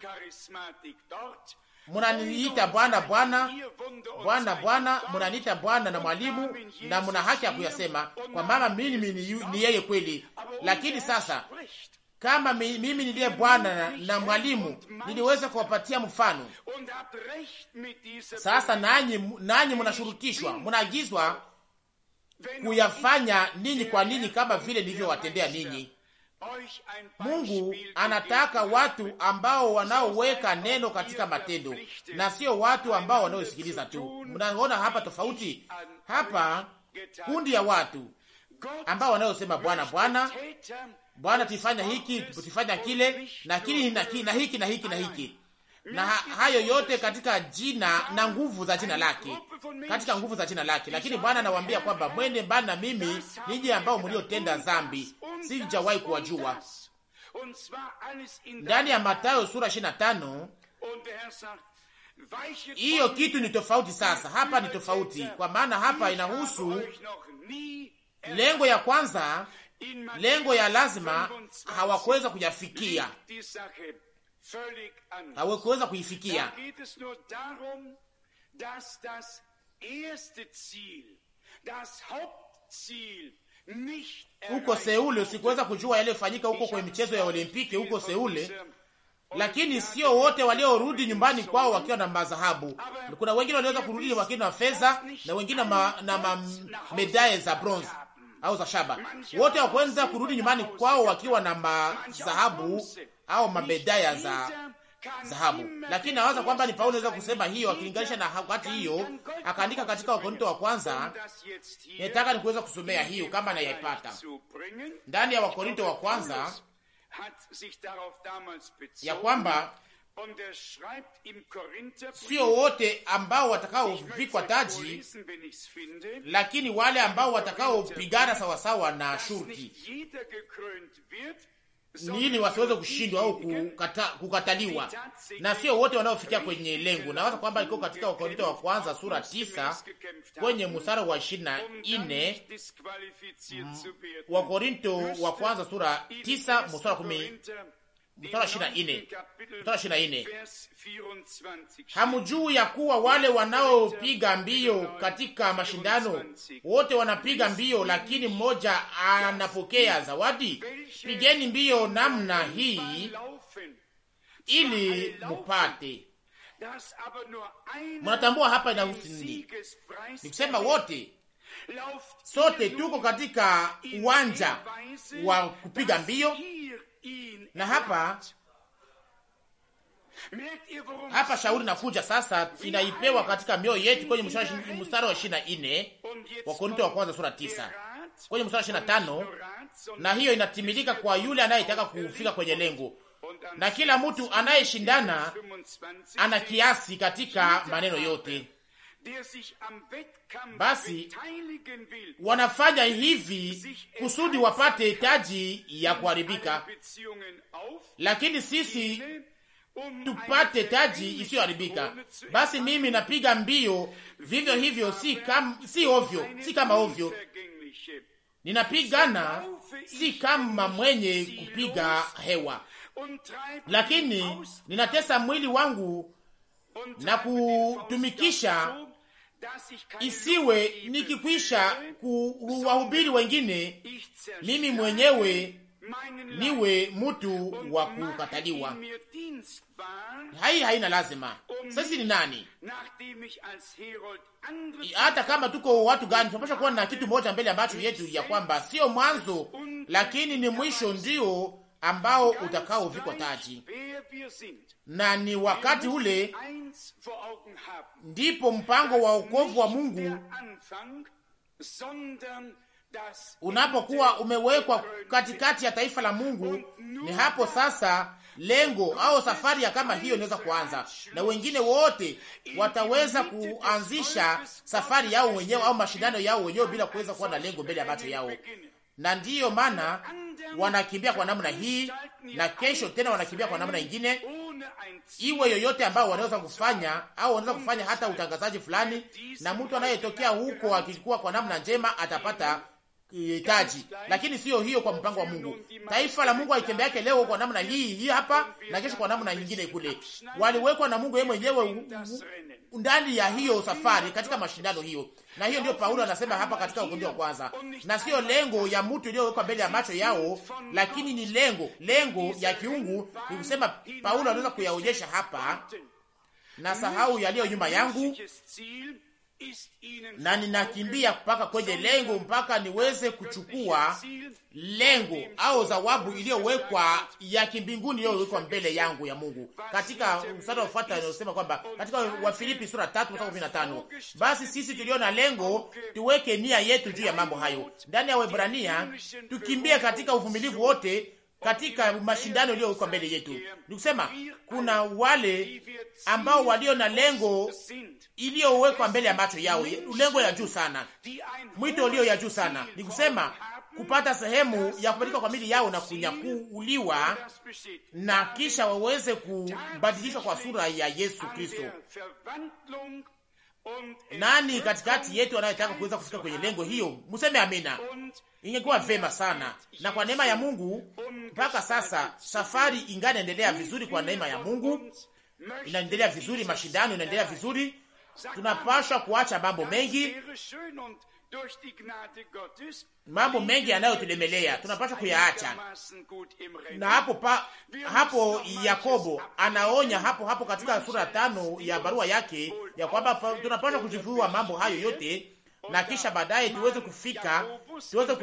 Munaniita Bwana Bwana, Bwana Bwana, munaniita Bwana na mwalimu, na muna haki ya kuyasema, kwa maana mimi ni yeye kweli. Lakini sasa kama mimi niliye Bwana na, na mwalimu, niliweza kuwapatia mfano. Sasa nanyi nanyi mnashurutishwa, mnaagizwa kuyafanya ninyi kwa ninyi, kama vile nilivyowatendea ninyi. Mungu anataka watu ambao wanaoweka neno katika matendo na sio watu ambao wanaosikiliza tu. Mnaona hapa tofauti hapa, kundi ya watu ambao wanaosema Bwana, Bwana, Bwana, tuifanya hiki tuifanya kile na kile na hiki na hiki na hiki na hiki na hayo yote katika jina na nguvu za jina lake, katika nguvu za jina lake. Lakini Bwana anawaambia kwamba mwende mbali na mimi, ninyi ambao mliotenda dhambi, sijawahi kuwajua. Ndani ya Mathayo sura 25 hiyo kitu ni tofauti. Sasa hapa ni tofauti, kwa maana hapa inahusu lengo ya kwanza, lengo ya lazima hawakuweza kuyafikia hawakuweza kuifikia. Huko Seule sikuweza kujua yaliyofanyika huko kwenye michezo ya Olimpiki huko Seule, lakini sio wote waliorudi nyumbani kwao wakiwa na madhahabu. Kuna wengine waliweza kurudi wakiwa na fedha na wengine ma, na ma, medaye za bronze au za shaba. Wote wakuweza kurudi nyumbani kwao wakiwa na madhahabu au mabedaya za dhahabu, lakini nawaza kwamba ni Paulo naweza kusema hiyo akilinganisha na wakati hiyo akaandika katika Wakorinto wa kwanza. Nataka nikuweza kusomea hiyo kama nayaipata ndani ya Wakorinto wa kwanza ya kwamba sio wote ambao watakaovikwa taji, lakini wale ambao watakaopigana sawasawa na shurti ili wasiweze kushindwa au kukata, kukataliwa na sio wote wanaofikia kwenye lengo. Nawaza kwamba iko katika Wakorinto wa kwanza sura tisa kwenye musara wa ishirini na nne mm, Wakorinto wa kwanza sura tisa musara kumi mstari ishirini na nne mstari ishirini na nne ya kuwa wale wanaopiga mbio katika mashindano wote wanapiga mbio, lakini mmoja anapokea zawadi? Pigeni mbio namna hii ili mupate. Mnatambua hapa inahusu nini? Ni kusema wote sote tuko katika uwanja wa kupiga mbio na hapa hapa shauri nakuja sasa, inaipewa katika mioyo yetu kwenye mstari wa ishirini na nne wa Korinto wa kwanza sura tisa kwenye mstari wa ishirini na tano na hiyo inatimilika kwa yule anayetaka kufika kwenye lengo, na kila mtu anayeshindana ana kiasi katika maneno yote. Basi wanafanya hivi kusudi wapate hitaji ya kuharibika, lakini sisi um tupate taji isiyoharibika. Basi mimi napiga mbio vivyo hivyo, si kam, si ovyo, si kama ovyo, ninapigana si kama mwenye kupiga hewa, lakini ninatesa mwili wangu na kutumikisha isiwe nikikwisha kuwahubiri wengine, mimi mwenyewe niwe mtu wa kukataliwa. Hai haina lazima. Sisi ni nani? Hata kama tuko watu gani, tunapaswa kuwa na kitu moja mbele ambacho yetu ya kwamba sio mwanzo, lakini ni mwisho ndio ambao utakaovikwa taji, na ni wakati ule ndipo mpango wa wokovu wa Mungu unapokuwa umewekwa katikati ya taifa la Mungu, ni hapo sasa lengo au safari ya kama hiyo inaweza kuanza, na wengine wote wataweza kuanzisha safari yao wenyewe au mashindano yao wenyewe bila kuweza kuwa na lengo mbele ya macho yao na ndiyo maana wanakimbia kwa namna hii, na kesho tena wanakimbia kwa namna ingine, iwe yoyote ambao wanaweza kufanya au wanaweza kufanya hata utangazaji fulani, na mtu anayetokea huko akikuwa kwa namna njema atapata hitaji, lakini sio hiyo kwa mpango wa Mungu. Taifa la Mungu alitembea yake leo kwa namna hii hii hapa na kesho kwa namna nyingine kule. Waliwekwa na Mungu yeye mwenyewe ndani ya hiyo safari katika mashindano hiyo, na hiyo ndio Paulo anasema hapa katika Wakorintho wa kwanza, na sio lengo ya mtu iliyowekwa mbele ya macho yao, lakini ni lengo lengo ya kiungu. Ni kusema Paulo anaweza kuyaonyesha hapa, na sahau yaliyo nyuma yangu na ninakimbia mpaka kwenye lengo, mpaka niweze kuchukua lengo au zawabu iliyowekwa ya kimbinguni iliyowekwa mbele yangu ya Mungu. Katika mstari wa kufuata inasema kwamba katika Wafilipi sura 3:15, basi sisi tulio na lengo tuweke nia yetu juu ya mambo hayo. Ndani ya Waebrania tukimbie katika uvumilivu wote katika mashindano iliyowekwa mbele yetu. Nikusema kuna wale ambao walio na lengo iliyowekwa mbele ya macho yao, lengo ya juu sana, mwito ulio ya juu sana, ni kusema kupata sehemu ya kubadilika kwa mili yao na kunyakuliwa, na kisha waweze kubadilishwa kwa sura ya Yesu Kristo. Nani katikati yetu anayetaka kuweza kufika kwenye lengo hiyo? Mseme amina. Ingekuwa vema sana, na kwa neema ya Mungu mpaka sasa safari ingani endelea vizuri. Kwa neema ya Mungu inaendelea vizuri, mashindano inaendelea vizuri, tunapashwa kuacha mambo mengi, mambo mengi yanayotulemelea tunapashwa kuyaacha. Na hapo pa, hapo Yakobo anaonya hapo hapo katika sura tano ya barua yake ya kwamba tunapashwa kujifunza mambo hayo yote na kisha baadaye tuweze kufika tuweze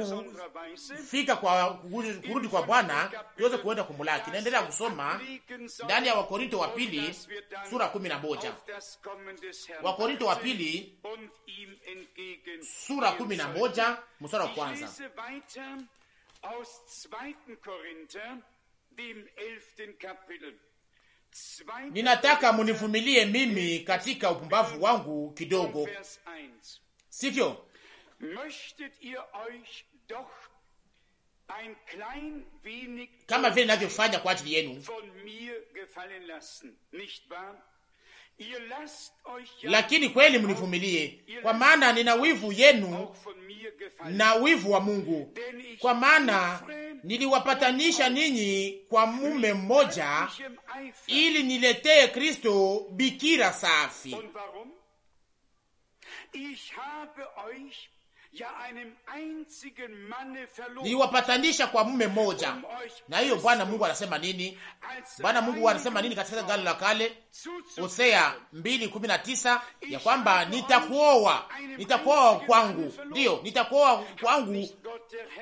kufika kwa kurudi kwa Bwana, tuweze kuenda kumulaki. Naendelea kusoma ndani ya Wakorinto wa pili sura kumi na moja Wakorinto wa pili sura kumi na moja mstari wa kwanza Ninataka munivumilie mimi katika upumbavu wangu kidogo, sivyo? kama vile navyofanya kwa ajili yenu, lakini kweli mnivumilie, kwa maana nina wivu yenu na wivu wa Mungu, kwa maana niliwapatanisha ninyi kwa mume mmoja, ili niletee Kristo bikira safi niwapatanisha kwa mume mmoja. Um na hiyo Bwana Mungu anasema nini? Bwana Mungu anasema nini katika Agano la Kale? Hosea 2:19 ya kwamba nitakuoa, nitakuoa kwangu, ndiyo nitakuoa kwangu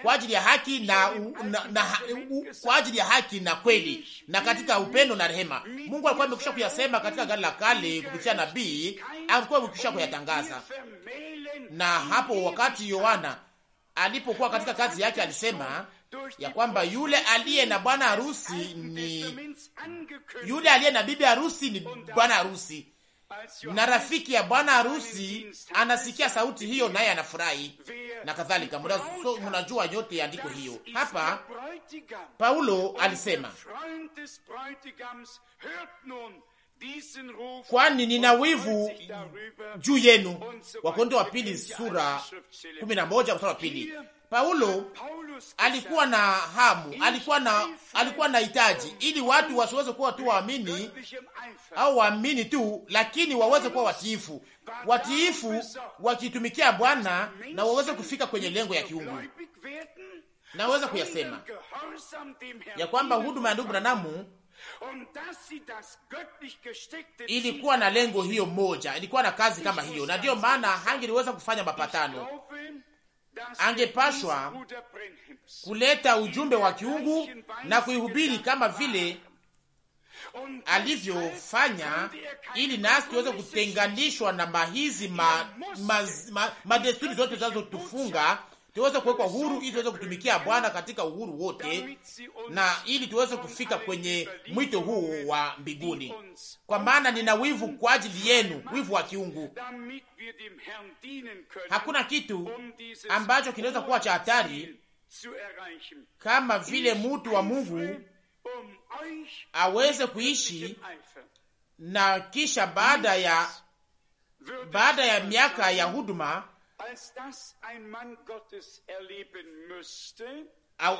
kwa ajili ya haki na, na, na, na u, kwa ajili ya haki na kweli na katika upendo na rehema. Mungu alikuwa amekwisha kuyasema katika Agano la Kale kupitia nabii, alikuwa amekwisha kuyatangaza, na hapo wakati wakati Yohana alipokuwa katika kazi yake alisema ya kwamba yule aliye na bwana harusi ni yule aliye na bibi harusi ni bwana harusi, na rafiki ya bwana harusi anasikia sauti hiyo, naye anafurahi na kadhalika. So, mnajua nyote andiko hiyo hapa. Paulo alisema kwani nina wivu juu yenu. Wakorintho wa pili sura kumi na moja mstari wa pili. Paulo alikuwa na hamu, alikuwa na alikuwa na hitaji ili watu wasiweze kuwa tu waamini au waamini tu, lakini waweze kuwa watiifu, watiifu wakitumikia Bwana na waweze kufika kwenye lengo ya kiungu. Naweza kuyasema ya kwamba huduma ya ndugu Branamu Ilikuwa na lengo hiyo moja, ilikuwa na kazi kama hiyo, na ndiyo maana hangeliweza kufanya mapatano. Angepashwa kuleta ujumbe wa kiungu na kuihubiri kama vile alivyofanya, ili nasi tuweze kutenganishwa na mahizi madesturi ma, ma, ma zote zinazotufunga tuweze kuwekwa huru ili tuweze kutumikia Bwana katika uhuru wote, na ili tuweze kufika kwenye mwito huu wa mbinguni. Kwa maana nina wivu kwa ajili yenu, wivu wa kiungu. Hakuna kitu ambacho kinaweza kuwa cha hatari kama vile mtu wa Mungu aweze kuishi na kisha baada ya baada ya miaka ya huduma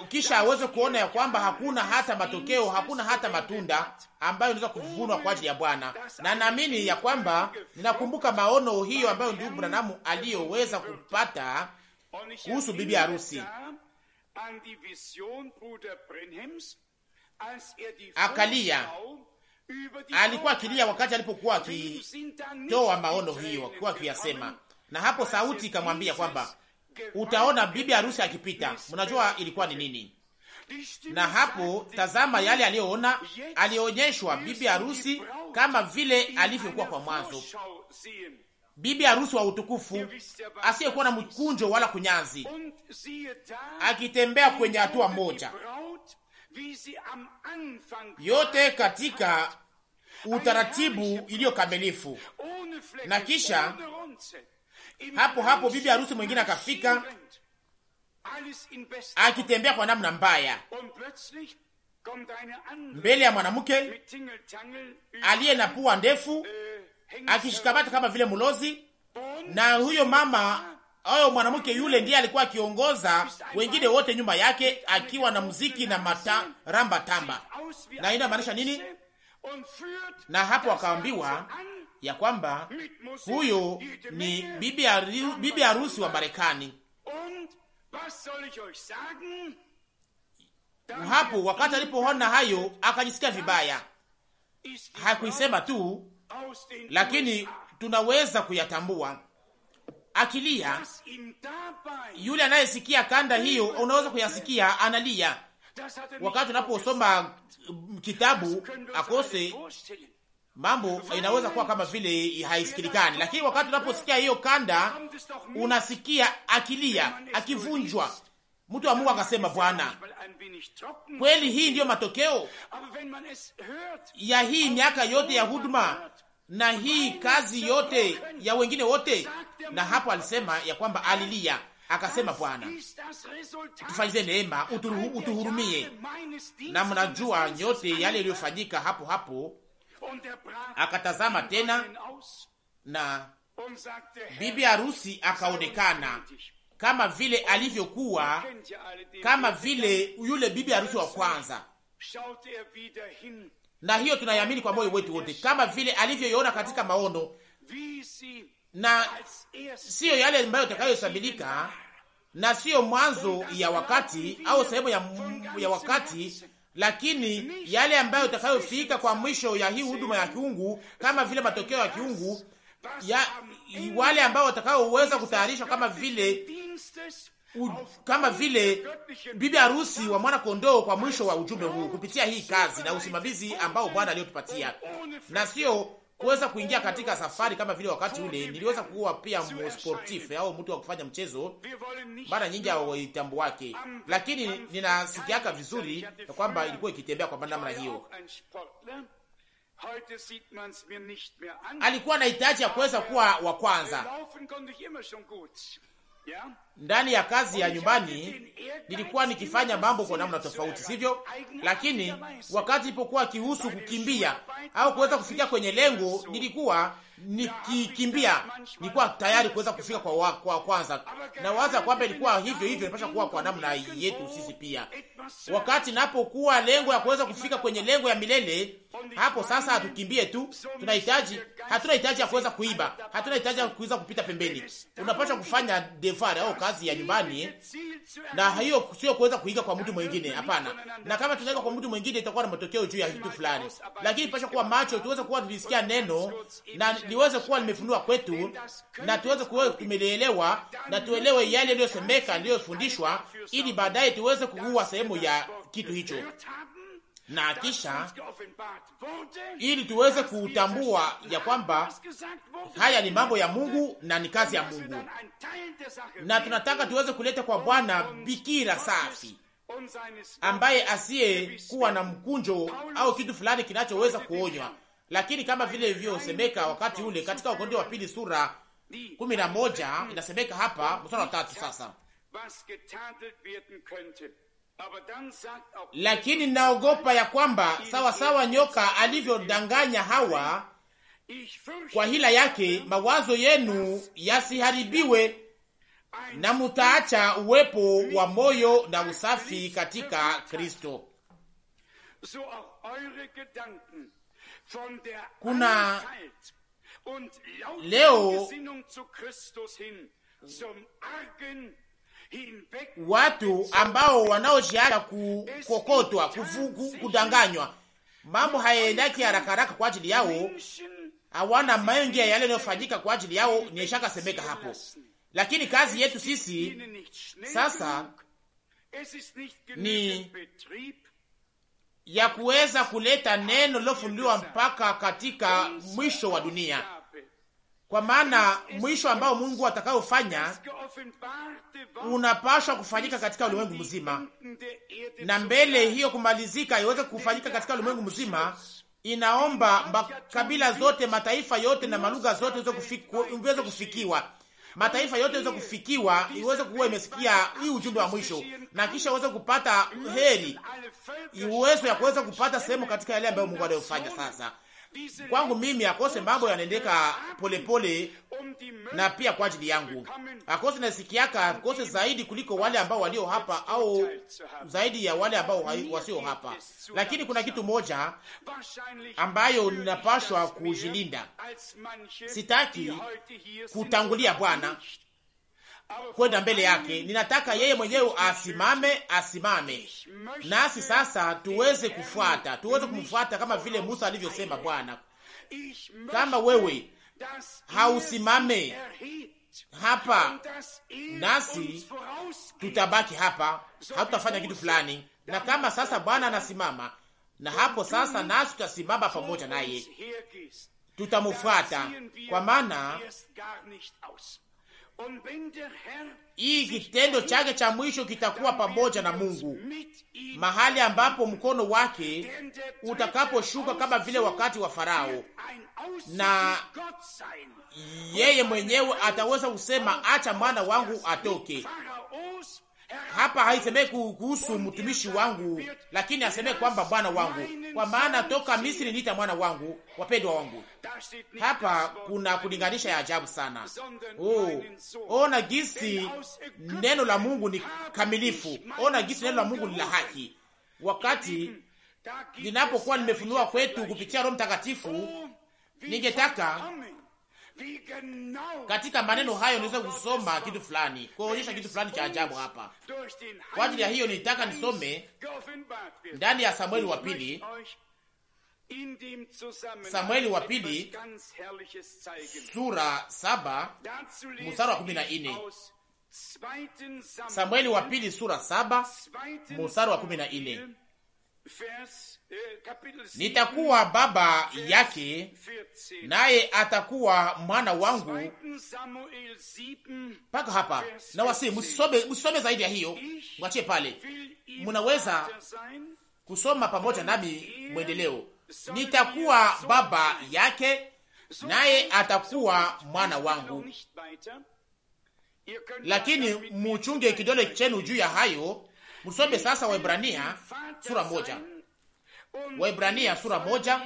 kisha aweze kuona ya kwamba hakuna hata matokeo, hakuna hata matunda ambayo inaweza kuvunwa kwa ajili ya Bwana. Na naamini ya kwamba ninakumbuka maono hiyo ambayo ndugu Branamu aliyoweza kupata kuhusu bibi harusi er akalia alikuwa akilia wakati alipokuwa akitoa maono hiyo, akikuwa akiyasema na hapo sauti ikamwambia kwamba utaona bibi harusi akipita. Mnajua ilikuwa ni nini? Na hapo tazama, yale aliyoona, alionyeshwa bibi harusi kama vile alivyokuwa kwa mwanzo, bibi harusi wa utukufu asiyekuwa na mkunjo wala kunyanzi, akitembea kwenye hatua moja yote katika utaratibu iliyo kamilifu, na kisha hapo hapo bibi harusi mwingine akafika akitembea kwa namna mbaya mbele ya mwanamke aliye na pua ndefu akishikamata kama vile mlozi. Na huyo mama ayo mwanamke yule ndiye alikuwa akiongoza wengine wote nyuma yake, akiwa na muziki na mata, ramba tamba. Na inamaanisha nini? Na hapo akaambiwa ya kwamba huyo ni bibi harusi, wa Marekani. Hapo wakati alipoona hayo akajisikia vibaya. Hakuisema tu, lakini tunaweza kuyatambua akilia. Yule anayesikia kanda hiyo, unaweza kuyasikia analia. Wakati unaposoma kitabu akose mambo inaweza kuwa kama vile haisikilikani, lakini wakati unaposikia hiyo kanda, unasikia akilia, akivunjwa, mtu wa Mungu akasema, Bwana, kweli hii ndiyo matokeo ya hii miaka yote ya huduma na hii kazi yote ya wengine wote. Na hapo alisema ya kwamba alilia, akasema, Bwana, tufanyize neema, utuhurumie. Na mnajua nyote yale yaliyofanyika hapo hapo Er Akatazama tena na bibi harusi akaonekana kama vile alivyokuwa, kama vile yule bibi harusi wa kwanza, er na hiyo tunayamini kwa moyo wetu wote, kama vile alivyoiona katika maono, na siyo yale ambayo itakayosabilika na siyo mwanzo ya wakati au sehemu ya, ya wakati lakini yale ambayo itakayofika kwa mwisho ya hii huduma ya kiungu, kama vile matokeo ya kiungu ya um, wale ambao watakaoweza kutayarishwa kama vile u, kama vile bibi harusi wa mwana kondoo kwa mwisho wa ujumbe huu, kupitia hii kazi na usimamizi ambao Bwana aliyotupatia na sio kuweza kuingia katika safari kama vile wakati ule niliweza kuwa pia sportif au mtu wa kufanya mchezo mara nyingi au itambu wake, lakini ninasikiaka vizuri kwamba ilikuwa ikitembea kwa namna hiyo. Alikuwa na hitaji ya kuweza kuwa wa kwanza ndani ya kazi ya nyumbani nilikuwa nikifanya mambo kwa namna tofauti, sivyo? Lakini wakati ilipokuwa kihusu kukimbia au kuweza kufikia kwenye lengo, nilikuwa nikikimbia, nilikuwa tayari kuweza kufika kwa, wa, kwa kwanza. Na waza kwamba ilikuwa hivyo hivyo, inapasha kuwa kwa namna yetu sisi pia, wakati napokuwa lengo ya kuweza kufika kwenye lengo ya milele. Hapo sasa hatukimbie tu, tunahitaji Hatuna hitaji ya kuweza kuiba, hatuna hitaji ya kuweza kupita pembeni. Unapaswa kufanya devoir au kazi ya nyumbani, na hiyo sio kuweza kuiga kwa mtu mwingine. Hapana, na kama tutaweka kwa mtu mwingine itakuwa na matokeo juu ya kitu fulani, lakini pasha kuwa macho, tuweze kuwa tulisikia neno na liweze kuwa limefunua kwetu, na tuweze kuwa tumelielewa, na tuelewe yale yaliyosemeka, yaliyofundishwa, ili baadaye tuweze kuua sehemu ya kitu hicho na kisha ili tuweze kutambua ya kwamba haya ni mambo ya Mungu na ni kazi ya Mungu, na tunataka tuweze kuleta kwa Bwana bikira safi ambaye asiye kuwa na mkunjo au kitu fulani kinachoweza kuonywa, lakini kama vile ilivyosemeka wakati ule katika Wakorintho wa pili sura kumi na moja inasemeka hapa mstari wa tatu sasa lakini naogopa ya kwamba sawa sawa nyoka alivyodanganya Hawa kwa hila yake, mawazo yenu yasiharibiwe na mutaacha uwepo wa moyo na usafi katika Kristo. Kuna leo watu ambao wanaojiacha kukokotwa, kudanganywa. Mambo hayaendaki haraka haraka kwa ajili yao, hawana mengi yale yanayofanyika kwa ajili yao, nishaka semeka hapo. Lakini kazi yetu sisi sasa ni ya kuweza kuleta ah, neno lilofunuliwa mpaka katika mwisho wa dunia kwa maana mwisho ambao Mungu atakayofanya unapashwa kufanyika katika ulimwengu mzima, na mbele hiyo kumalizika iweze kufanyika katika ulimwengu mzima, inaomba makabila zote, mataifa yote na malugha zote iweze kufikiwa, mataifa yote iweze kufikiwa, iweze kuwa imesikia hii ujumbe wa mwisho, na kisha iweze kupata heri, uwezo ya kuweza kupata sehemu katika yale ambayo Mungu anayofanya sasa Kwangu mimi akose mambo yanaendeka polepole, na pia kwa ajili yangu akose nasikiaka akose zaidi kuliko wale ambao walio hapa au zaidi ya wale ambao wasio hapa. Lakini kuna kitu moja ambayo ninapashwa kujilinda, sitaki kutangulia Bwana kwenda mbele yake. Ninataka yeye mwenyewe asimame, asimame nasi sasa tuweze kufuata, tuweze kumfuata kama vile Musa alivyosema, Bwana, kama wewe hausimame hapa nasi tutabaki hapa, hatutafanya kitu fulani. Na kama sasa Bwana anasimama, na hapo sasa nasi tutasimama pamoja naye, tutamfuata, kwa maana hii kitendo chake cha mwisho kitakuwa pamoja na Mungu, mahali ambapo mkono wake utakaposhuka kama vile wakati wa Farao, na yeye mwenyewe ataweza kusema acha mwana wangu atoke hapa haisemei kuhusu mtumishi wangu, lakini asemee kwamba bwana wangu, kwa maana toka Misri niita mwana wangu, wapendwa wangu. Hapa kuna kulinganisha ya ajabu sana. Oh, ona gisi neno la Mungu ni kamilifu, ona gisi neno la Mungu ni la haki. Wakati linapokuwa limefunua kwetu kupitia Roho Mtakatifu, ningetaka katika maneno hayo niweze kusoma kitu fulani, kuonyesha kitu fulani cha ajabu hapa. Kwa ajili ya hiyo nitaka nisome ndani ya Samueli wa pili, Samueli wa pili sura saba mstari wa kumi na nne. Samueli wa pili sura saba mstari wa kumi na nne. Eh, nitakuwa baba yake naye atakuwa mwana wangu. Mpaka hapa na wasi, musome, musome zaidi ya hiyo, mwachie pale, munaweza kusoma pamoja nami mwendeleo. Nitakuwa baba yake naye atakuwa mwana wangu, lakini muchunge kidole chenu juu ya hayo Musome sasa Waebrania sura moja, Waebrania sura moja,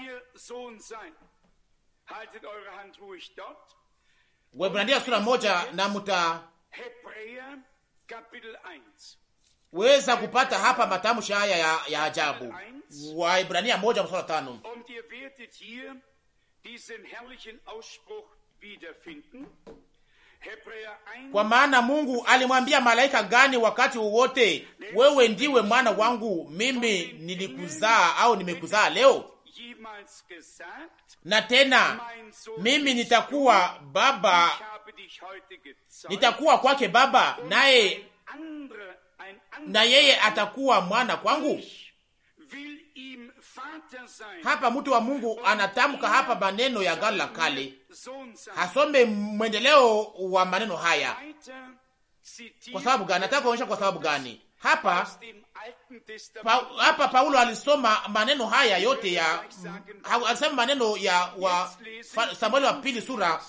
Waebrania sura moja, na weza kupata hapa matamshi haya ya, ya ajabu. Waebrania moja msura tano um kwa maana Mungu alimwambia malaika gani wakati wowote, wewe ndiwe mwana wangu, mimi nilikuzaa au nimekuzaa leo? Na tena mimi nitakuwa baba, nitakuwa kwake baba, naye na yeye atakuwa mwana kwangu. Hapa mtu wa Mungu anatamka hapa maneno ya gano la kale hasome mwendeleo wa maneno haya. Kwa sababu gani? Nataka kuonyesha kwa sababu gani hapa pa, hapa Paulo alisoma maneno haya yote ya alisema maneno ya wa Samueli wa pili sura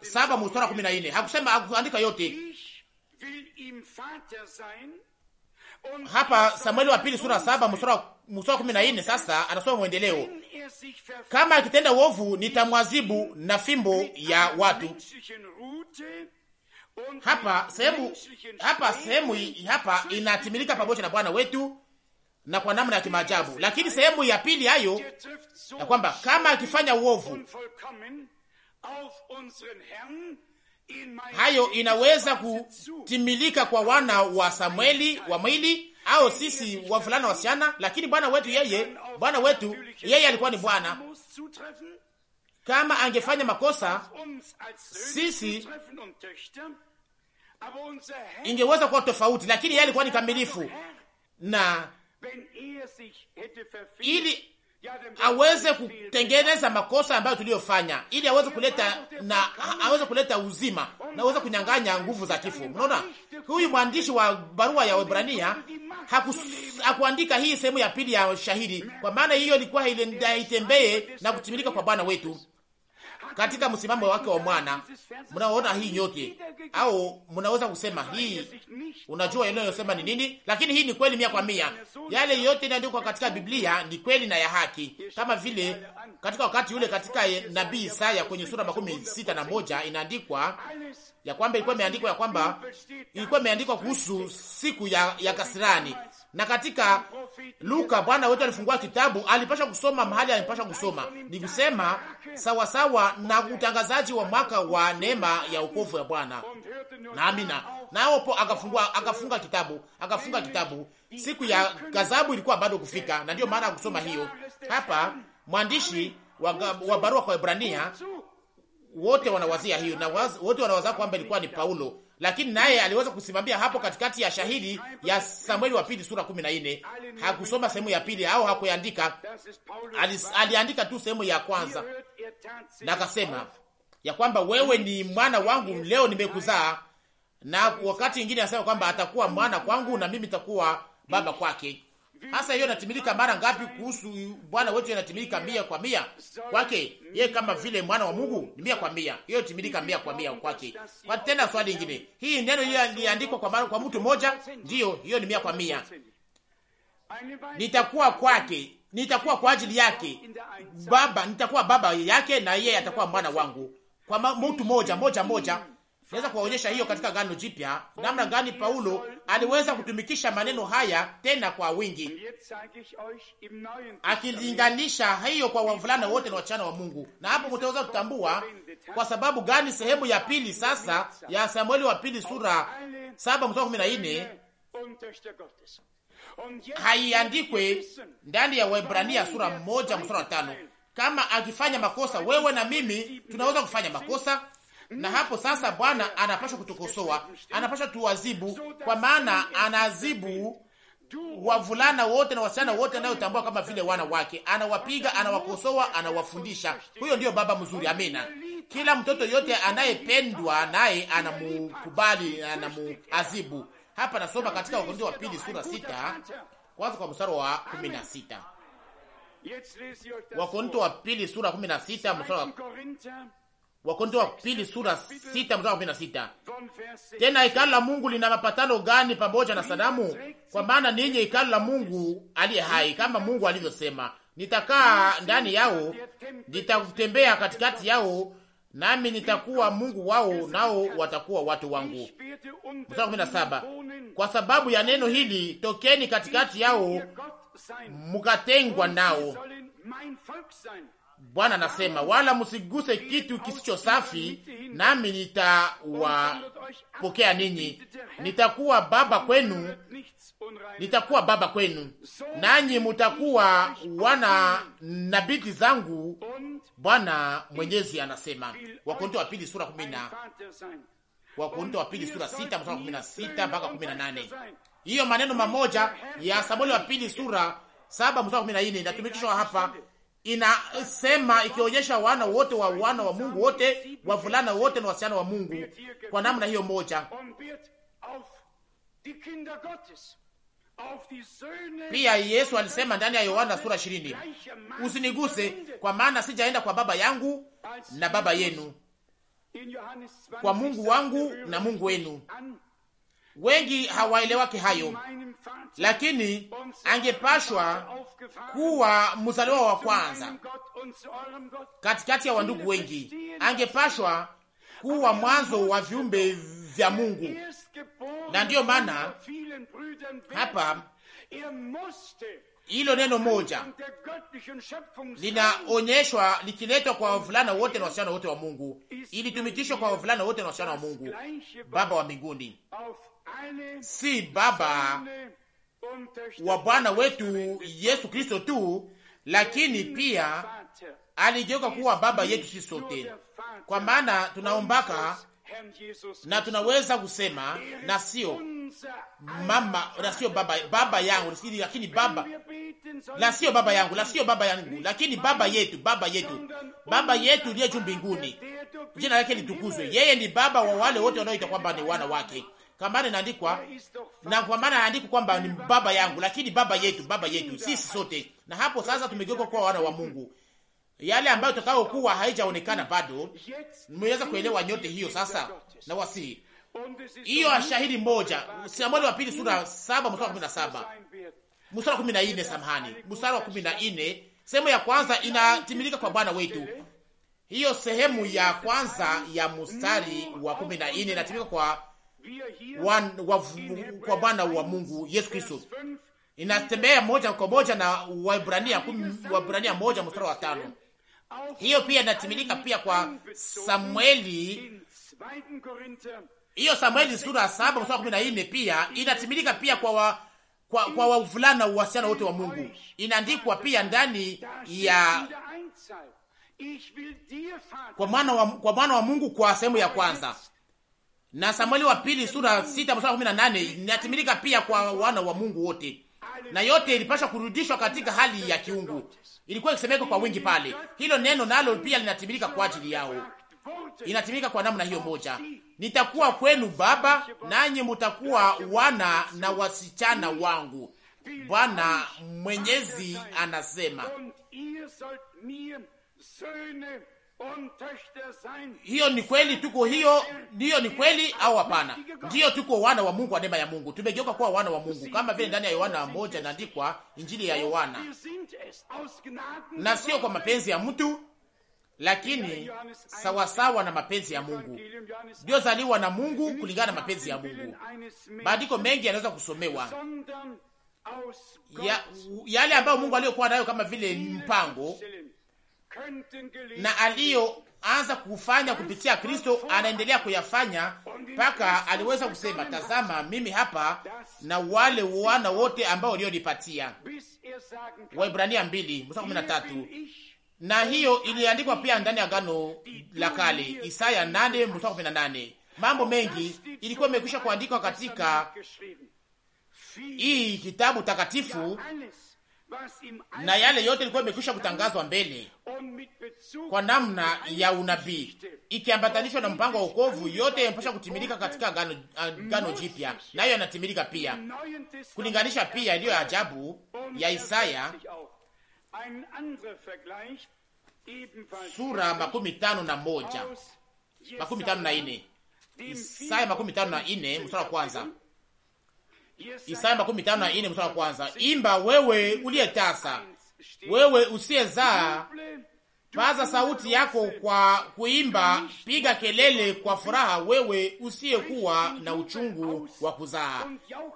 saba mstari kumi na nne hakusema hakuandika yote hapa Samueli wa pili sura saba mstari wa kumi na nne. Sasa anasoma mwendeleo, kama akitenda uovu nitamwazibu na fimbo ya watu. Hapa sehemu hapa sehemu hapa inatimilika pamoja na Bwana wetu na kwa namna ya kimaajabu, lakini sehemu ya pili hayo ya kwamba kama akifanya uovu hayo inaweza kutimilika kwa wana wa Samueli wa mwili au sisi wavulana wasichana, lakini Bwana wetu yeye, Bwana wetu yeye alikuwa ni Bwana. Kama angefanya makosa, sisi ingeweza kuwa tofauti, lakini yeye alikuwa ni kamilifu na er ili aweze kutengeneza makosa ambayo tuliyofanya, ili aweze kuleta na aweze kuleta uzima na aweze kunyang'anya nguvu za kifo. Unaona, huyu mwandishi wa barua ya Waebrania hakuandika hii sehemu ya pili ya shahidi, kwa maana hiyo ilikuwa haitembee na kutimilika kwa Bwana wetu katika msimamo wake wa mwana. Mnaona hii nyote, au mnaweza kusema hii, unajua inayosema ni nini, lakini hii ni kweli mia kwa mia. Yale yote inaandikwa katika Biblia ni kweli na ya haki, kama vile katika wakati ule katika nabii Isaya kwenye sura makumi sita na moja inaandikwa ya kwamba ilikuwa imeandikwa ya kwamba ilikuwa imeandikwa kuhusu siku ya, ya kasirani na katika Luka Bwana wetu alifungua kitabu, alipasha kusoma mahali alipasha kusoma, ni kusema sawasawa na utangazaji wa mwaka wa neema ya ukovu ya Bwana na amina. Naopo akafungua akafunga kitabu, akafunga kitabu. Siku ya gazabu ilikuwa bado kufika, na ndio maana akusoma hiyo hapa. Mwandishi wa barua kwa Ibrania wote wanawazia hiyo na wote wanawaza kwamba ilikuwa ni Paulo lakini naye aliweza kusimamia hapo katikati ya shahidi ya Samueli wa pili sura 14. Hakusoma sehemu ya pili au hakuandika, aliandika tu sehemu ya kwanza, na akasema ya kwamba wewe ni mwana wangu, leo nimekuzaa, na wakati mwingine anasema kwamba atakuwa mwana kwangu na mimi nitakuwa baba kwake hasa hiyo inatimilika mara ngapi kuhusu Bwana wetu? Inatimilika mia kwa mia kwake yeye, kama vile mwana wa Mungu ni mia kwa mia, hiyo inatimilika mia kwa mia kwake. Kwa tena swali lingine, hii neno iliandikwa kwa kwa mtu mmoja, ndiyo hiyo ni mia kwa mia. Nitakuwa kwake, nitakuwa kwa ajili yake, baba nitakuwa baba yake, na yeye atakuwa mwana wangu, kwa mtu mmoja moja moja Naweza kuwaonyesha hiyo katika gano Jipya, namna gani Paulo aliweza kutumikisha maneno haya tena kwa wingi, akilinganisha hiyo kwa wavulana wote na wachana wa Mungu. Na hapo mtaweza kutambua kwa sababu gani sehemu ya pili sasa ya Samueli wa pili sura saba mstari kumi haiandikwe ndani ya Waebrania sura moja mstari wa tano. Kama akifanya makosa, wewe na mimi tunaweza kufanya makosa na hapo sasa Bwana anapashwa kutukosoa, anapashwa tuwazibu, kwa maana anazibu wavulana wote na wasichana wote anayotambua kama vile wana wake. Anawapiga, anawakosoa, anawafundisha. Huyo ndiyo baba mzuri. Amina. Kila mtoto yote anayependwa naye anamukubali, anamuazibu. Hapa nasoma katika Wakorintho wa pili sura sita kwanza kwa mstari wa kumi na sita. Wakorintho wa pili sura kumi na sita mstari wa Wakorintho wa pili sura sita mstari kumi na sita. Tena hekalu la Mungu lina mapatano gani pamoja na sanamu? Kwa maana ninyi hekalu la Mungu aliye hai, kama Mungu alivyosema, nitakaa ndani yao, nitatembea katikati yao, nami nitakuwa Mungu wao, nao watakuwa watu wangu. Mstari kumi na saba. Kwa sababu ya neno hili, tokeni katikati yao, mukatengwa nao Bwana anasema wala msiguse kitu kisicho safi, nami nitawapokea ninyi, nitakuwa baba kwenu, nitakuwa baba kwenu, nanyi mutakuwa wana na binti zangu, Bwana Mwenyezi anasema. Wakorintho wa pili sura kumi na Wakorintho wa pili sura sita mstari kumi na sita mpaka kumi na nane. Hiyo maneno mamoja ya Samueli wa pili sura saba mstari kumi na nne inatumikishwa hapa inasema ikionyesha wana wote wa wana wa Mungu wote, wavulana wote na wasichana wa Mungu kwa namna hiyo moja. Pia Yesu alisema ndani ya Yohana sura 20, usiniguse kwa maana sijaenda kwa Baba yangu na Baba yenu, kwa Mungu wangu na Mungu wenu. Wengi hawaelewake hayo, lakini angepashwa kuwa mzaliwa wa kwanza katikati ya wandugu wengi, angepashwa kuwa mwanzo wa viumbe vya Mungu, na ndiyo maana hapa hilo neno moja linaonyeshwa likiletwa kwa wavulana wote na wasichana wote wa Mungu, ilitumikishwa kwa wavulana wote na wasichana wa Mungu, Baba wa mbinguni si baba wa Bwana wetu Yesu Kristo tu, lakini pia aligeuka kuwa baba yetu sisi sote, kwa maana tunaombaka na tunaweza kusema na sio mama na sio baba, baba yangu lakini baba na sio baba yangu na sio baba yangu lakini baba yetu, baba yetu, baba yetu uliye juu mbinguni, jina lake litukuzwe. Yeye ni baba wa wale wote wanaoita kwamba ni wana wake. Kwa maana inaandikwa na kwa maana inaandikwa kwamba ni baba yangu, lakini baba yetu, baba yetu sisi sote. Na hapo sasa tumegeuka kuwa wana wa Mungu, yale ambayo tutakayokuwa haijaonekana bado. Mmeweza kuelewa nyote hiyo? Sasa na wasi hiyo ashahidi moja, Samueli wa pili sura saba mstari wa kumi na saba mstari wa kumi na nne samahani, mstari wa kumi na nne sehemu ya kwanza inatimilika kwa Bwana wetu. Hiyo sehemu ya kwanza ya mstari wa kumi na nne inatimilika kwa kwa Bwana wa Mungu Yesu Kristo. Inatembea moja kwa moja na Waebrania kumi, Waebrania moja mstari wa tano. Hiyo pia inatimilika pia kwa Samueli, hiyo Samueli sura saba mstari wa kumi na nne pia inatimilika pia kwa wa kwa, kwa wavulana na wasichana wote wa Mungu. Inaandikwa pia ndani ya kwa mwana wa, kwa mwana wa Mungu kwa sehemu ya kwanza na Samueli wa pili sura 6 mstari kumi inatimilika pia kwa wana wa Mungu wote, na yote ilipasha kurudishwa katika hali ya kiungu, ilikuwa ikisemeka kwa wingi pale. Hilo neno nalo pia linatimilika kwa ajili yao, inatimilika kwa namna hiyo moja: nitakuwa kwenu baba, nanyi mutakuwa wana na wasichana wangu, Bwana Mwenyezi anasema hiyo ni kweli, tuko hiyo, ndiyo ni kweli au hapana? Ndiyo, tuko wana wa Mungu, wa neema ya Mungu, tumegeuka kuwa wana wa Mungu, kama vile ndani ya Yohana moja inaandikwa, injili ya Yohana, na sio kwa mapenzi ya mtu, lakini sawasawa na mapenzi ya Mungu, ndiyo zaliwa na Mungu kulingana na mapenzi ya Mungu. Maandiko mengi yanaweza kusomewa ya, yale ambayo Mungu aliyokuwa nayo kama vile mpango na aliyoanza kufanya kupitia Kristo anaendelea kuyafanya mpaka aliweza kusema, tazama mimi hapa na wale wana wote ambao walionipatia. Waibrania 2:13. Na hiyo iliandikwa pia ndani ya Agano la Kale, Isaya 8:18. Mambo mengi ilikuwa imekwisha kuandikwa katika hii kitabu takatifu na yale yote ilikuwa imekwisha kutangazwa mbele kwa namna ya unabii ikiambatanishwa na mpango wa wokovu. Yote yamepasha kutimilika katika gano, gano jipya, nayo yanatimilika pia, kulinganisha pia iliyo ajabu ya Isaya sura makumi tano na moja makumi tano na ine Isaya makumi tano na ine mstari wa kwanza Isaya makumi tano na ine mstari wa kwanza. Imba wewe uliye tasa, wewe usiyezaa, paza sauti yako kwa kuimba, piga kelele kwa furaha, wewe usiyekuwa na uchungu wa kuzaa,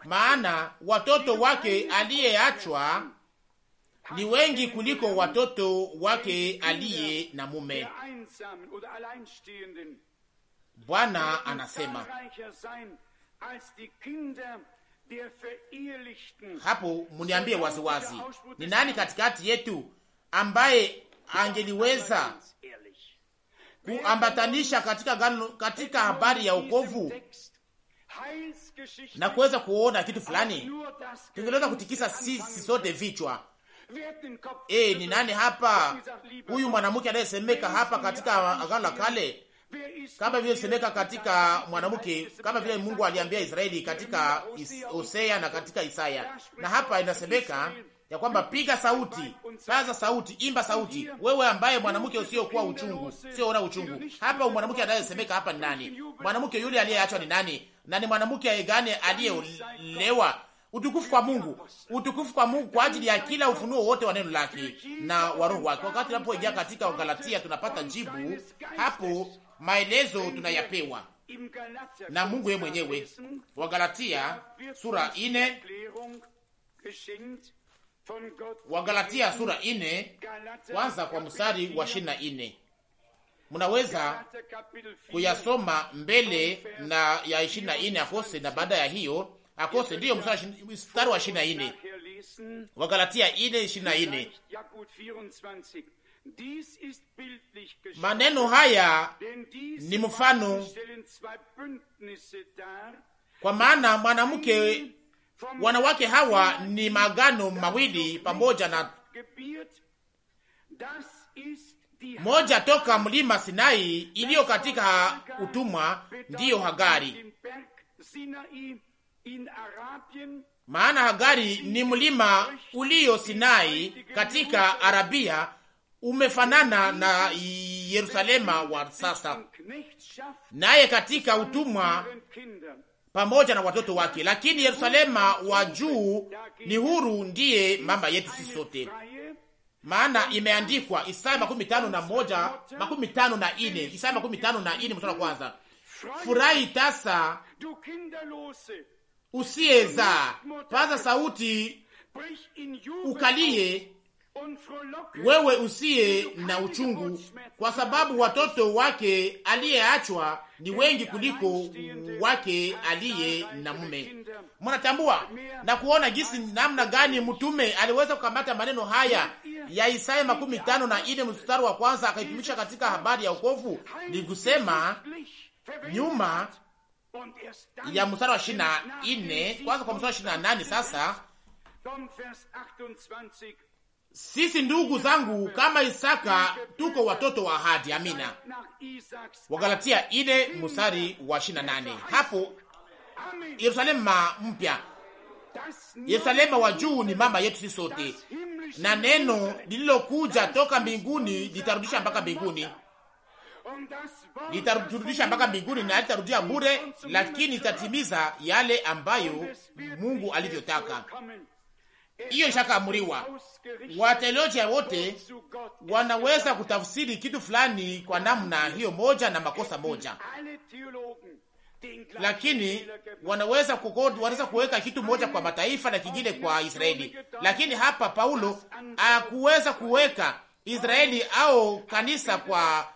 maana watoto wake aliyeachwa ni wengi kuliko watoto wake aliye na mume. Bwana anasema hapo muniambie waziwazi, ni nani katikati yetu ambaye angeliweza kuambatanisha katika gano, katika habari ya wokovu na kuweza kuona kitu fulani, tungeliweza kutikisa sisi sote vichwa. E, ni nani hapa, huyu mwanamke anayesemeka hapa katika Agano la Kale kama vilivyosemeka katika mwanamke, kama vile Mungu aliambia Israeli katika Hosea na katika Isaya. Na hapa inasemeka ya kwamba piga sauti, paza sauti, imba sauti, wewe ambaye mwanamke usiokuwa uchungu, sio usioona uchungu. Hapa mwanamke anayesemeka hapa ni nani? Mwanamke yule aliyeachwa ni nani? Na ni mwanamke aegane aliyeolewa. Utukufu kwa Mungu, utukufu kwa Mungu kwa ajili ya kila ufunuo wote wa neno lake na wa roho wake. Wakati tunapoingia katika Galatia tunapata jibu hapo maelezo tunayapewa na Mungu yeye mwenyewe. Wagalatia sura ine, Wagalatia sura ine kwanza kwa mstari wa ishirini na ine mnaweza kuyasoma mbele na ya ishirini na ine akose na baada ya hiyo akose ndiyo mstari wa ishirini na ine Wagalatia ine ishirini na ine Maneno haya ni mfano, kwa maana mwanamke, wanawake hawa ni maagano mawili pamoja na moja toka mlima Sinai iliyo katika utumwa, ndiyo Hagari. Maana Hagari ni mlima ulio Sinai katika Arabia umefanana na Yerusalema wa sasa, naye katika utumwa pamoja na watoto wake. Lakini Yerusalema wa juu ni huru, ndiye mama yetu sisi sote, maana imeandikwa Isaya makumi tano na moja makumi tano na ine Isaya makumi tano na ine mstari wa kwanza furahi tasa usiyezaa, paza sauti ukalie wewe usiye na uchungu, kwa sababu watoto wake aliyeachwa ni wengi kuliko wake aliye na mume. Mnatambua na kuona jinsi namna gani mtume aliweza kukamata maneno haya ya Isaya makumi tano na ine mstari wa kwanza akaitumisha katika habari ya ukovu, ni kusema nyuma ya mstari wa ishirini na nne kwanza kwa mstari wa ishirini na nane sasa sisi ndugu zangu, kama Isaka tuko watoto wa ahadi. Amina. Wagalatia ine musari wa 28. Hapo Yerusalema mpya, Yerusalema wa juu ni mama yetu sisi sote, na neno lililokuja toka mbinguni litarudisha mpaka mbinguni, litarudisha mpaka mbinguni, na litarudia bure, lakini itatimiza yale ambayo Mungu alivyotaka hiyo ishakaamuriwa. Watheolojia wote wanaweza kutafsiri kitu fulani kwa namna hiyo moja na makosa moja, lakini wanaweza kukodi, wanaweza kuweka kitu moja kwa mataifa na kingine kwa Israeli. Lakini hapa Paulo akuweza kuweka Israeli au kanisa kwa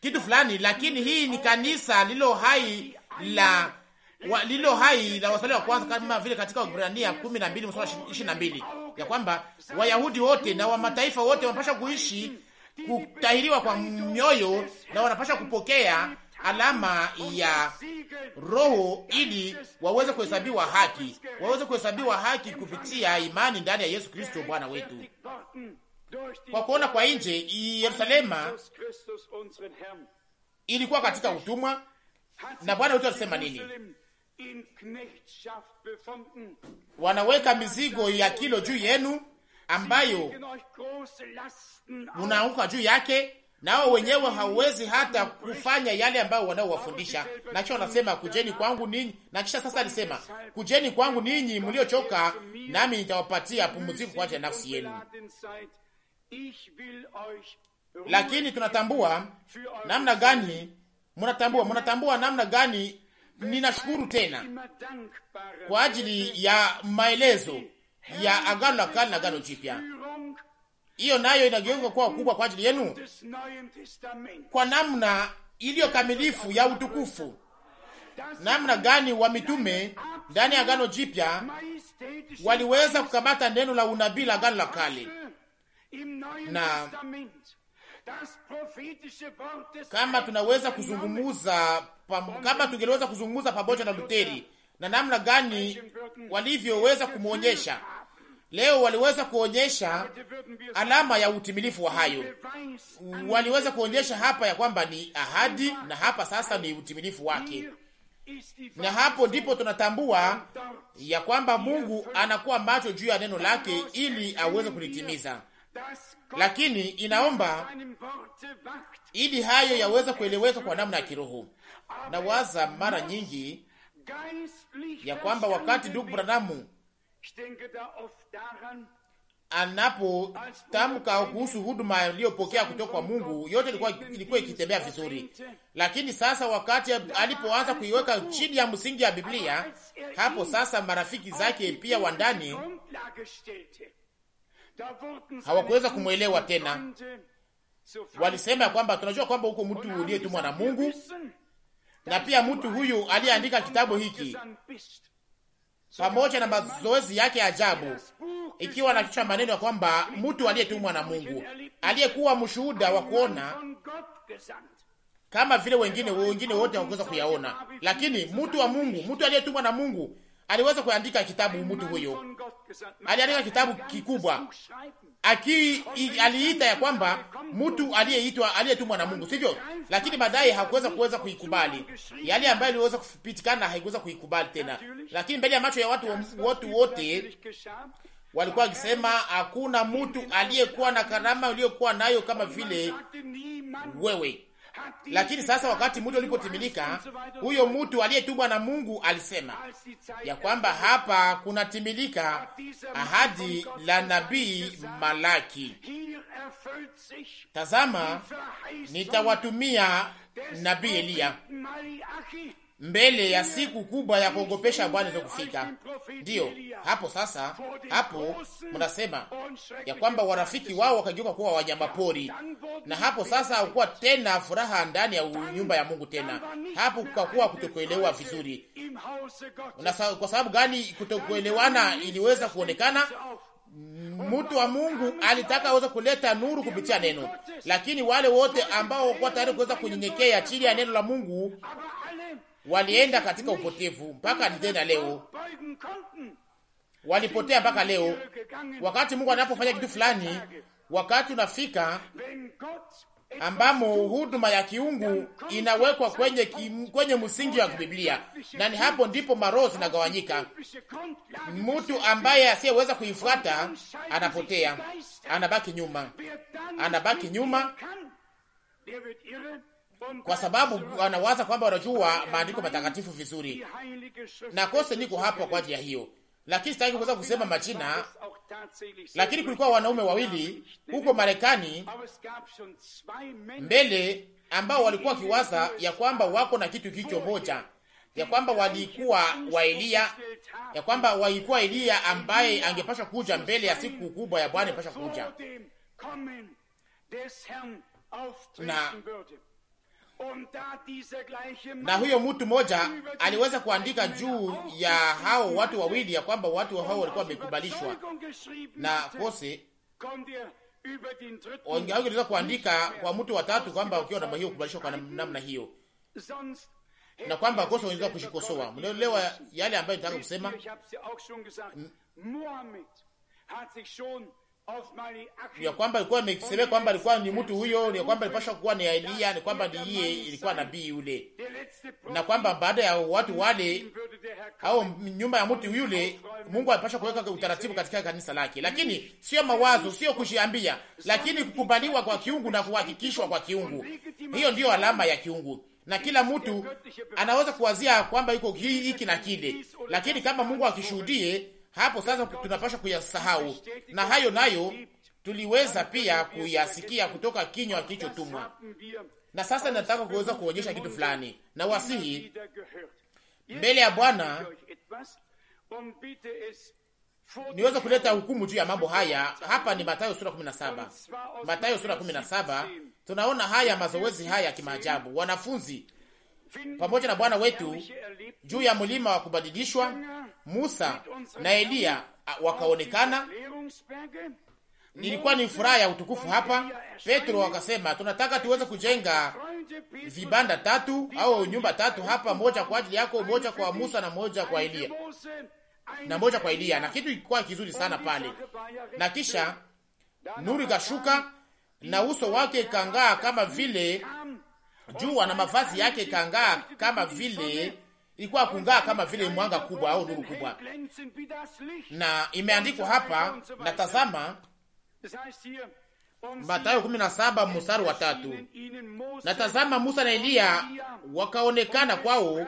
kitu fulani, lakini hii ni kanisa lilo hai la wa, lilo hai la wasalia wa kwanza kama vile katika Waebrania 12 mstari wa 22 ya kwamba Wayahudi wote na wa mataifa wote wanapaswa kuishi kutahiriwa kwa mioyo na wanapaswa kupokea alama ya Roho ili waweze kuhesabiwa haki, waweze kuhesabiwa haki kupitia imani ndani ya Yesu Kristo Bwana wetu. Kwa kuona kwa nje, Yerusalema ilikuwa katika utumwa, na Bwana wetu alisema nini? wanaweka mizigo ya kilo juu yenu ambayo munaanguka juu yake, nao wenyewe hauwezi hata kufanya yale ambayo wanaowafundisha. Nacho anasema wanasema kujeni kwangu ninyi, na kisha sasa alisema kujeni kwangu ninyi mliochoka, nami nitawapatia pumziko kwa ajili ya nafsi yenu. Lakini tunatambua namna gani, mnatambua, mnatambua namna gani Ninashukuru tena kwa ajili ya maelezo ya Agano la Kale na Agano Jipya. Hiyo nayo inageuka kuwa kubwa kwa ajili yenu kwa namna iliyo kamilifu ya utukufu. Namna gani wa mitume ndani ya Agano Jipya waliweza kukamata neno la unabii la Agano la Kale na kama tunaweza kuzungumuza kama tungeliweza kuzungumza pamoja na Luteri na namna gani walivyoweza kumwonyesha leo, waliweza kuonyesha alama ya utimilifu wa hayo, waliweza kuonyesha hapa ya kwamba ni ahadi, na hapa sasa ni utimilifu wake, na hapo ndipo tunatambua ya kwamba Mungu anakuwa macho juu ya neno lake ili aweze kulitimiza, lakini inaomba ili hayo yaweza kueleweka kwa namna ya kiroho na waza mara nyingi ya kwamba wakati ndugu Branamu anapotamka kuhusu huduma aliyopokea kutoka kwa Mungu, yote ilikuwa ilikuwa ikitembea vizuri, lakini sasa wakati alipoanza kuiweka chini ya msingi ya Biblia, hapo sasa marafiki zake pia wa ndani hawakuweza kumwelewa tena. Walisema ya kwamba tunajua kwamba huko mtu uliyetumwa na Mungu na pia mtu huyu aliyeandika kitabu hiki pamoja na mazoezi yake ajabu, ikiwa na kichwa maneno ya kwamba mtu aliyetumwa na Mungu, aliyekuwa mshuhuda wa kuona kama vile wengine wengine wote wangeweza kuyaona, lakini mtu wa Mungu, mtu aliyetumwa na Mungu aliweza kuandika kitabu. Mtu huyo aliandika kitabu kikubwa, aki aliita ya kwamba mtu aliyeitwa aliyetumwa na Mungu, sivyo? Lakini baadaye hakuweza kuweza kuikubali yale ambayo aliweza kupitikana, haikuweza kuikubali tena, lakini mbele ya macho ya watu wote wote walikuwa wakisema hakuna mtu aliyekuwa na karama uliyokuwa nayo kama vile wewe lakini sasa wakati muda ulipotimilika, huyo mtu aliyetumwa na Mungu alisema ya kwamba hapa kunatimilika ahadi la nabii Malaki, tazama, nitawatumia nabii Eliya mbele ya siku kubwa ya kuogopesha Bwana za kufika. Ndiyo hapo sasa, hapo mnasema ya kwamba warafiki wao wakageuka kuwa wanyama pori, na hapo sasa hakukuwa tena furaha ndani ya nyumba ya Mungu tena, hapo kukakuwa kutokuelewa vizuri. Kwa sababu gani kutokuelewana iliweza kuonekana? Mtu wa Mungu alitaka aweze kuleta nuru kupitia neno, lakini wale wote ambao wakuwa tayari kuweza kunyenyekea chini ya neno la Mungu walienda katika upotevu mpaka tena leo, walipotea mpaka leo. Wakati Mungu anapofanya kitu fulani, wakati unafika ambamo huduma ya kiungu inawekwa kwenye, kwenye msingi wa Biblia, na ni hapo ndipo maroho zinagawanyika. Mtu ambaye asiyeweza kuifuata anapotea, anabaki nyuma, anabaki nyuma kwa sababu wanawaza kwamba wanajua maandiko matakatifu vizuri, na kose niko hapa kwa ajili ya hiyo, lakini sitaki kuweza kusema majina. Lakini kulikuwa wanaume wawili huko Marekani mbele ambao walikuwa wakiwaza ya kwamba wako na kitu kicho moja, ya kwamba walikuwa wa elia ya kwamba walikuwa Elia ambaye angepasha kuja mbele ya siku kubwa ya Bwana, angepasha kuja na na huyo mtu mmoja aliweza kuandika juu ya hao watu wawili ya kwamba watu hao walikuwa wamekubalishwa na kose wangeweza kuandika kwa mtu watatu kwamba ukiwa namna hiyo kubalishwa kwa namna hiyo, na kwamba kosa wengine kushikosoa. mlelewa yale ambayo nitaka kusema ya kwamba alikuwa amesemea kwamba alikuwa ni mtu huyo, ni kwamba alipasha kuwa ni Elia, ni kwamba ni yeye ilikuwa nabii yule, na kwamba baada ya watu wale au nyumba ya mtu yule, Mungu alipasha kuweka utaratibu katika kanisa lake, lakini sio mawazo, sio kushiambia, lakini kukubaliwa kwa kiungu na kuhakikishwa kwa kiungu. Hiyo ndiyo alama ya kiungu na kila mtu anaweza kuwazia kwamba yuko hiki na kile, lakini kama Mungu akishuhudie hapo sasa tunapaswa kuyasahau, na hayo nayo tuliweza pia kuyasikia kutoka kinywa kilichotumwa. Na sasa nataka kuweza kuonyesha kitu fulani na wasihi mbele ya Bwana niweze kuleta hukumu juu ya mambo haya. Hapa ni Mathayo sura 17, Mathayo sura 17 tunaona haya mazoezi haya ya kimaajabu. Wanafunzi pamoja na Bwana wetu juu ya mlima wa kubadilishwa. Musa na Eliya wakaonekana, ilikuwa ni furaha ya utukufu hapa. Petro akasema tunataka tuweze kujenga vibanda tatu au nyumba tatu hapa, moja kwa ajili yako, moja kwa Musa na moja kwa Eliya na moja kwa Eliya, na kitu kilikuwa kizuri sana pale. Na kisha nuru ikashuka na uso wake ikangaa kama vile jua na mavazi yake ikangaa kama vile ilikuwa kungaa kama vile mwanga kubwa au nuru kubwa, na imeandikwa hapa, na tazama, Mathayo 17 mstari wa tatu, na tazama Musa na Eliya wakaonekana kwao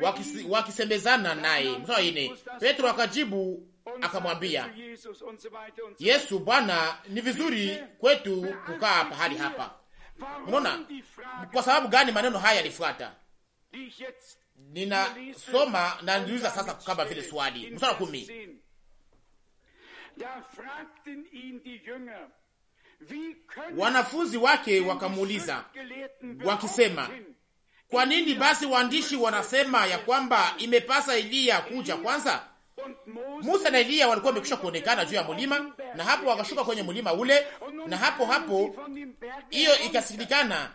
wakis, wakisemezana naye. Mstari wa ine, Petro akajibu akamwambia Yesu, Bwana, ni vizuri kwetu kukaa pahali hapa Unaona kwa sababu gani maneno haya yalifuata? Ninasoma na niuliza sasa kama vile swali. Mstari kumi. Wanafunzi wake wakamuuliza wakisema, kwa nini basi waandishi wanasema ya kwamba imepasa Eliya kuja kwanza? Musa na Eliya walikuwa wamekwisha kuonekana juu ya mlima, na hapo wakashuka kwenye mlima ule, na hapo hapo hiyo ikasikilikana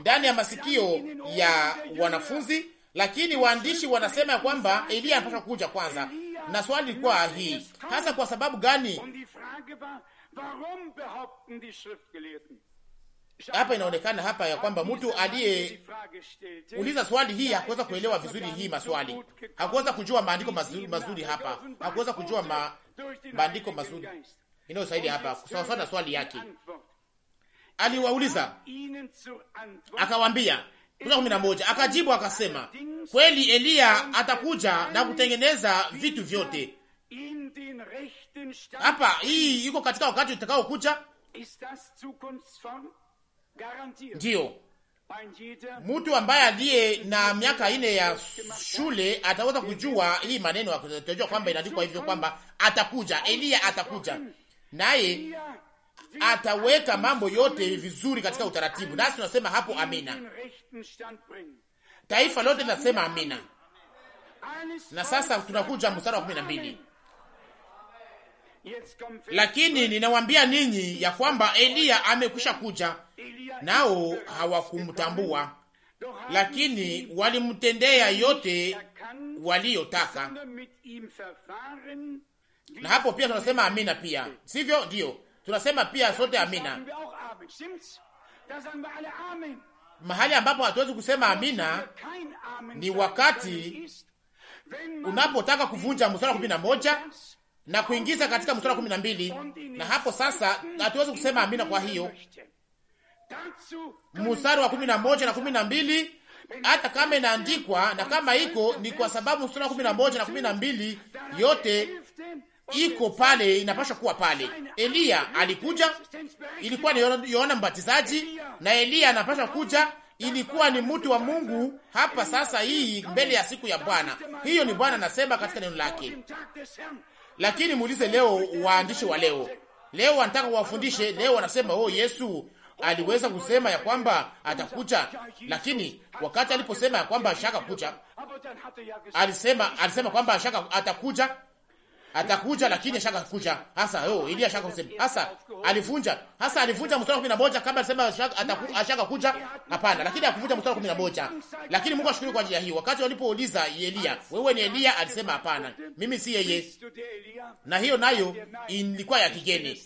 ndani ya masikio ya wanafunzi. Lakini waandishi wanasema ya kwamba Eliya anapaswa kuja kwanza, na swali lilikuwa hii hasa, kwa sababu gani hapa inaonekana hapa ya kwamba mtu aliye uliza swali hii hakuweza kuelewa vizuri hii maswali, hakuweza kujua maandiko mazuri, mazuri hapa hakuweza kujua ma, maandiko mazuri inayosaidi hapa sawasawa na swali yake. Aliwauliza akawambia, kumi na moja, akajibu akasema, kweli Eliya atakuja na kutengeneza vitu vyote hapa. Hii iko katika wakati utakao kuja Ndiyo, mtu ambaye aliye na miaka ine ya shule ataweza kujua hii maneno ya kwamba inaandikwa hivyo kwamba atakuja Eliya, atakuja naye ataweka mambo yote vizuri katika utaratibu. Nasi tunasema hapo amina, taifa lote linasema amina. Na sasa tunakuja mstari wa kumi na mbili. Lakini ninawambia ninyi ya kwamba Eliya amekwisha kuja nao hawakumtambua, lakini walimtendea yote waliyotaka. Na hapo pia tunasema amina, pia sivyo? Ndiyo, tunasema pia sote amina. Mahali ambapo hatuwezi kusema amina ni wakati unapotaka kuvunja mstari wa kumi na moja na kuingiza katika mstari wa kumi na mbili na hapo sasa hatuwezi kusema amina. Kwa hiyo mstari wa kumi na moja na kumi na mbili hata kama inaandikwa na kama iko ni kwa sababu mstari wa kumi na moja na kumi na mbili yote iko pale, inapaswa kuwa pale. Eliya alikuja, ilikuwa ni Yohana Mbatizaji, na Eliya anapaswa kuja, ilikuwa ni mtu wa Mungu hapa sasa, hii mbele ya siku ya Bwana. Hiyo ni Bwana anasema katika neno lake. Lakini muulize leo waandishi wa leo, leo wanataka wafundishe, leo wanasema oh, Yesu aliweza kusema ya kwamba atakuja, lakini wakati aliposema ya kwamba ashaka kuja, alisema alisema kwamba ashaka atakuja atakuja lakini ashaka kuja hasa. yo Oh, ili ashaka kusema hasa, alivunja hasa, alivunja mstari wa 11 kama alisema ashaka ataku, ashaka kuja. Hapana, lakini akuvunja mstari wa 11. Lakini Mungu ashukuri kwa ajili ya hiyo. Wakati walipouliza Elia, wewe ni Elia? Alisema hapana, mimi si yeye, na hiyo nayo ilikuwa ya kigeni.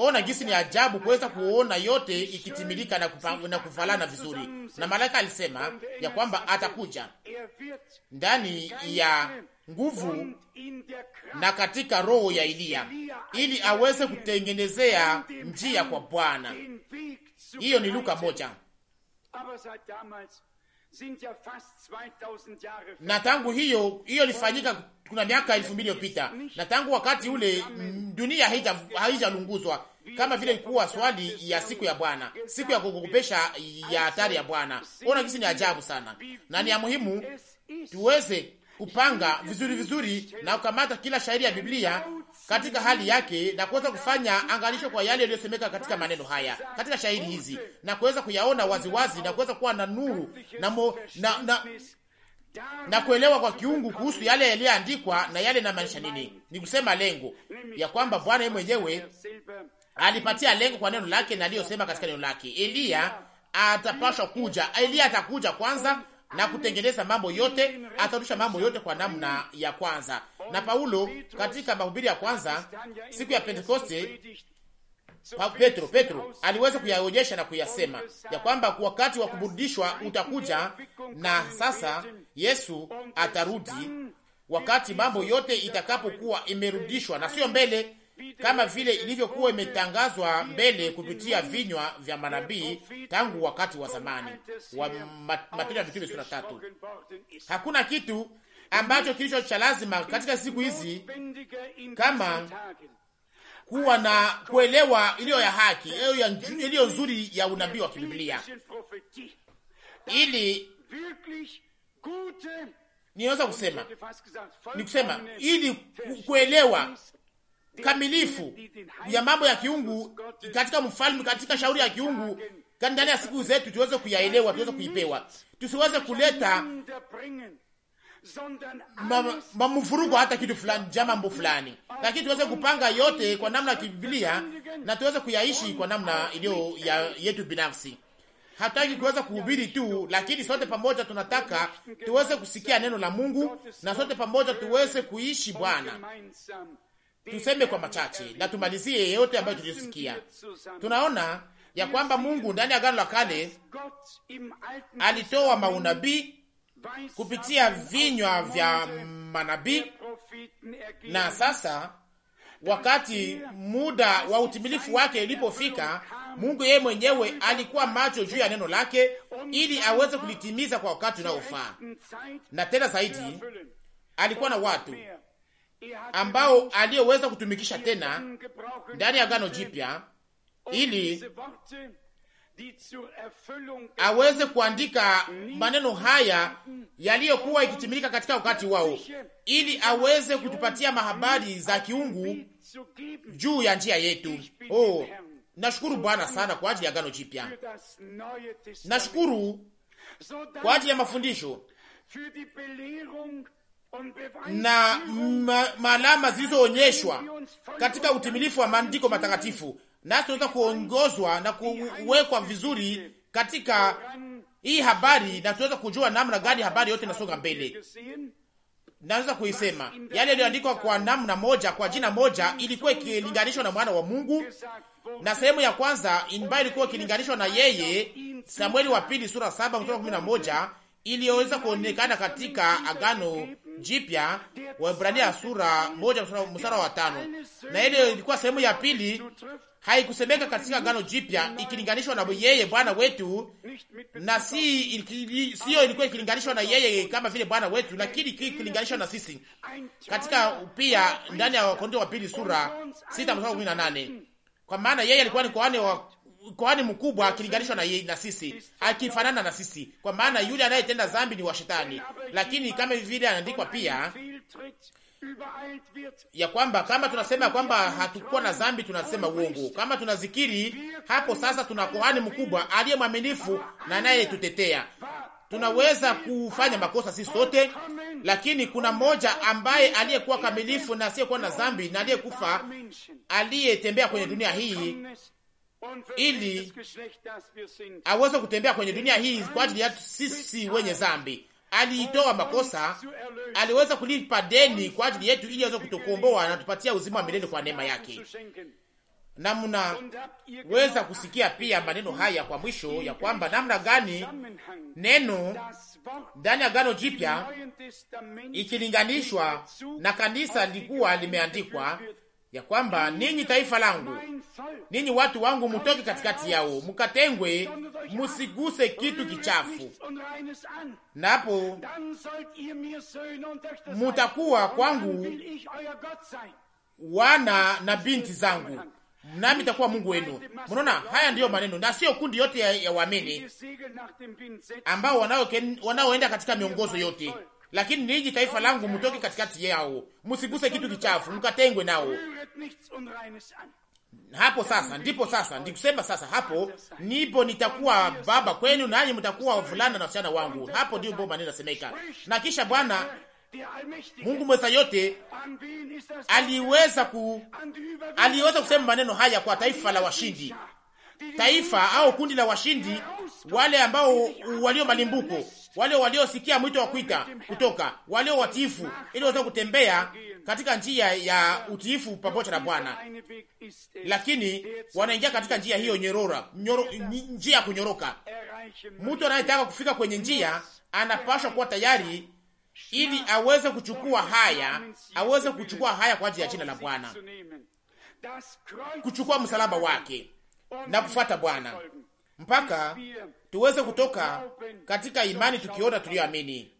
Ona jinsi ni ajabu kuweza kuona yote ikitimilika na, na kufalana vizuri. Na malaika alisema ya kwamba atakuja ndani ya nguvu na katika roho ya Eliya ili aweze kutengenezea njia kwa Bwana. Hiyo ni Luka moja na tangu hiyo hiyo ilifanyika kuna miaka elfu mbili iliyopita, na tangu wakati ule dunia haijalunguzwa kama vile ilikuwa swali ya siku ya Bwana, siku ya kukopesha ya hatari ya Bwana. Ona jinsi ni ajabu sana, na ni ya muhimu tuweze kupanga vizuri vizuri na kukamata kila shairi ya Biblia katika hali yake na kuweza kufanya angalisho kwa yale yaliyosemeka katika maneno haya katika shahidi hizi na kuweza kuyaona waziwazi na kuweza kuwa na nuru na, mo, na, na, na kuelewa kwa kiungu kuhusu yale yaliyoandikwa na yale na maanisha nini. Ni kusema lengo ya kwamba Bwana yeye mwenyewe alipatia lengo kwa neno lake na aliyosema katika neno lake. Eliya atapashwa kuja, Eliya atakuja kwanza na kutengeneza mambo yote, atarudisha mambo yote kwa namna ya kwanza. Na Paulo katika mahubiri ya kwanza siku ya Pentekoste, Petro Petro aliweza kuyaonyesha na kuyasema ya kwamba wakati wa kuburudishwa utakuja, na sasa Yesu atarudi wakati mambo yote itakapokuwa imerudishwa, na sio mbele kama vile ilivyokuwa imetangazwa mbele kupitia vinywa vya manabii tangu wakati wa zamani wa Matendo ya Mitume sura tatu. Hakuna kitu ambacho kilicho cha lazima katika siku hizi kama kuwa na kuelewa iliyo ya haki iliyo nzuri ya unabii wa kibiblia ili niweza kusema ni kusema ili kuelewa kamilifu ya mambo ya kiungu katika mfalme, katika shauri ya kiungu ndani ya siku zetu, tuweze kuyaelewa, tuweze kuipewa, tusiweze kuleta mamvurugo ma hata kitu fulani ja mambo fulani, lakini tuweze kupanga yote kwa namna ya kibiblia na tuweze kuyaishi kwa namna iliyo ya yetu binafsi. Hataki kuweza kuhubiri tu, lakini sote pamoja tunataka tuweze kusikia neno la Mungu na sote pamoja tuweze kuishi Bwana Tuseme kwa machache na tumalizie yote ambayo tulisikia. Tunaona ya kwamba Mungu ndani ya Agano la Kale alitoa maunabii kupitia vinywa vya manabii, na sasa wakati muda wa utimilifu wake ulipofika, Mungu yeye mwenyewe alikuwa macho juu ya neno lake ili aweze kulitimiza kwa wakati unaofaa. Na tena zaidi, alikuwa na watu ambao aliyeweza kutumikisha tena ndani ya gano Jipya ili aweze kuandika maneno haya yaliyokuwa ikitimilika katika wakati wao, ili aweze kutupatia mahabari za kiungu juu ya njia yetu. Oh, nashukuru Bwana sana kwa ajili ya gano Jipya, nashukuru kwa ajili ya mafundisho na maalama zilizoonyeshwa katika utimilifu wa maandiko matakatifu, nasi tunaweza kuongozwa na kuwekwa vizuri katika hii habari, na tunaweza kujua namna gani habari yote inasonga mbele. Naweza kuisema yale yaliyoandikwa kwa namna moja, kwa jina moja, ilikuwa ikilinganishwa na mwana wa Mungu, na sehemu ya kwanza ambayo ilikuwa ikilinganishwa na yeye, Samueli wa pili sura 7 mstari 11 iliyoweza kuonekana katika agano Jipya, Waebrania sura moja mstari wa tano. Na ile ilikuwa sehemu ya pili, haikusemeka katika gano Jipya ikilinganishwa na yeye Bwana wetu, na si siyo ilikuwa ikilinganishwa na yeye kama vile Bwana wetu, lakini ikilinganishwa na sisi katika pia ndani ya Wakorintho wa pili sura sita mstari wa kumi na nane, kwa maana yeye alikuwa ni kuhani wa kuhani mkubwa akilinganishwa na, yeye na sisi akifanana na sisi, kwa maana yule anayetenda dhambi ni wa shetani. Lakini kama vile anaandikwa pia ya kwamba kama tunasema kwamba hatukuwa na dhambi tunasema uongo. Kama tunazikiri hapo sasa, tuna kuhani mkubwa aliye mwaminifu na tutetea. Tunaweza kufanya makosa sisi sote, lakini kuna mmoja ambaye aliyekuwa kamilifu na asiyekuwa na dhambi na aliyekufa, aliyetembea kwenye dunia hii ili aweze kutembea kwenye dunia hii kwa ajili ya sisi wenye zambi. Aliitoa makosa, aliweza kulipa deni kwa ajili yetu, ili aweze kutukomboa na tupatia uzima wa milele kwa neema yake. Na mnaweza kusikia pia maneno haya kwa mwisho ya kwamba namna gani neno ndani ya gano Jipya ikilinganishwa na kanisa lilikuwa limeandikwa ya kwamba ninyi taifa langu, ninyi watu wangu, mutoke katikati yao, mukatengwe, musiguse kitu kichafu, napo mutakuwa kwangu wana na binti zangu, nami takuwa Mungu wenu. Mnaona, haya ndiyo maneno na sio kundi yote ya, ya waamini ambao wanaoenda katika miongozo yote lakini ninyi taifa langu, mtoke katikati yao, msiguse kitu kichafu, mkatengwe nao. Hapo sasa ndipo sasa ndikusema sasa, hapo nipo nitakuwa baba kwenu, nanyi mtakuwa wavulana na wasichana wangu. Hapo ndio bomba neno semeka. Na kisha Bwana Mungu mweza yote aliweza ku aliweza kusema maneno haya kwa taifa la washindi, taifa au kundi la washindi, wale ambao walio malimbuko, wale waliosikia mwito wa kuita kutoka, walio watiifu, ili waweze kutembea katika njia ya utiifu pamoja na Bwana, lakini wanaingia katika njia hiyo nyorora nyoro, njia ya kunyoroka. Mtu anayetaka kufika kwenye njia anapashwa kuwa tayari ili aweze kuchukua haya, aweze kuchukua haya kwa ajili ya jina la Bwana, kuchukua msalaba wake na kufuata Bwana mpaka tuweze kutoka katika imani tukiona tuliyoamini.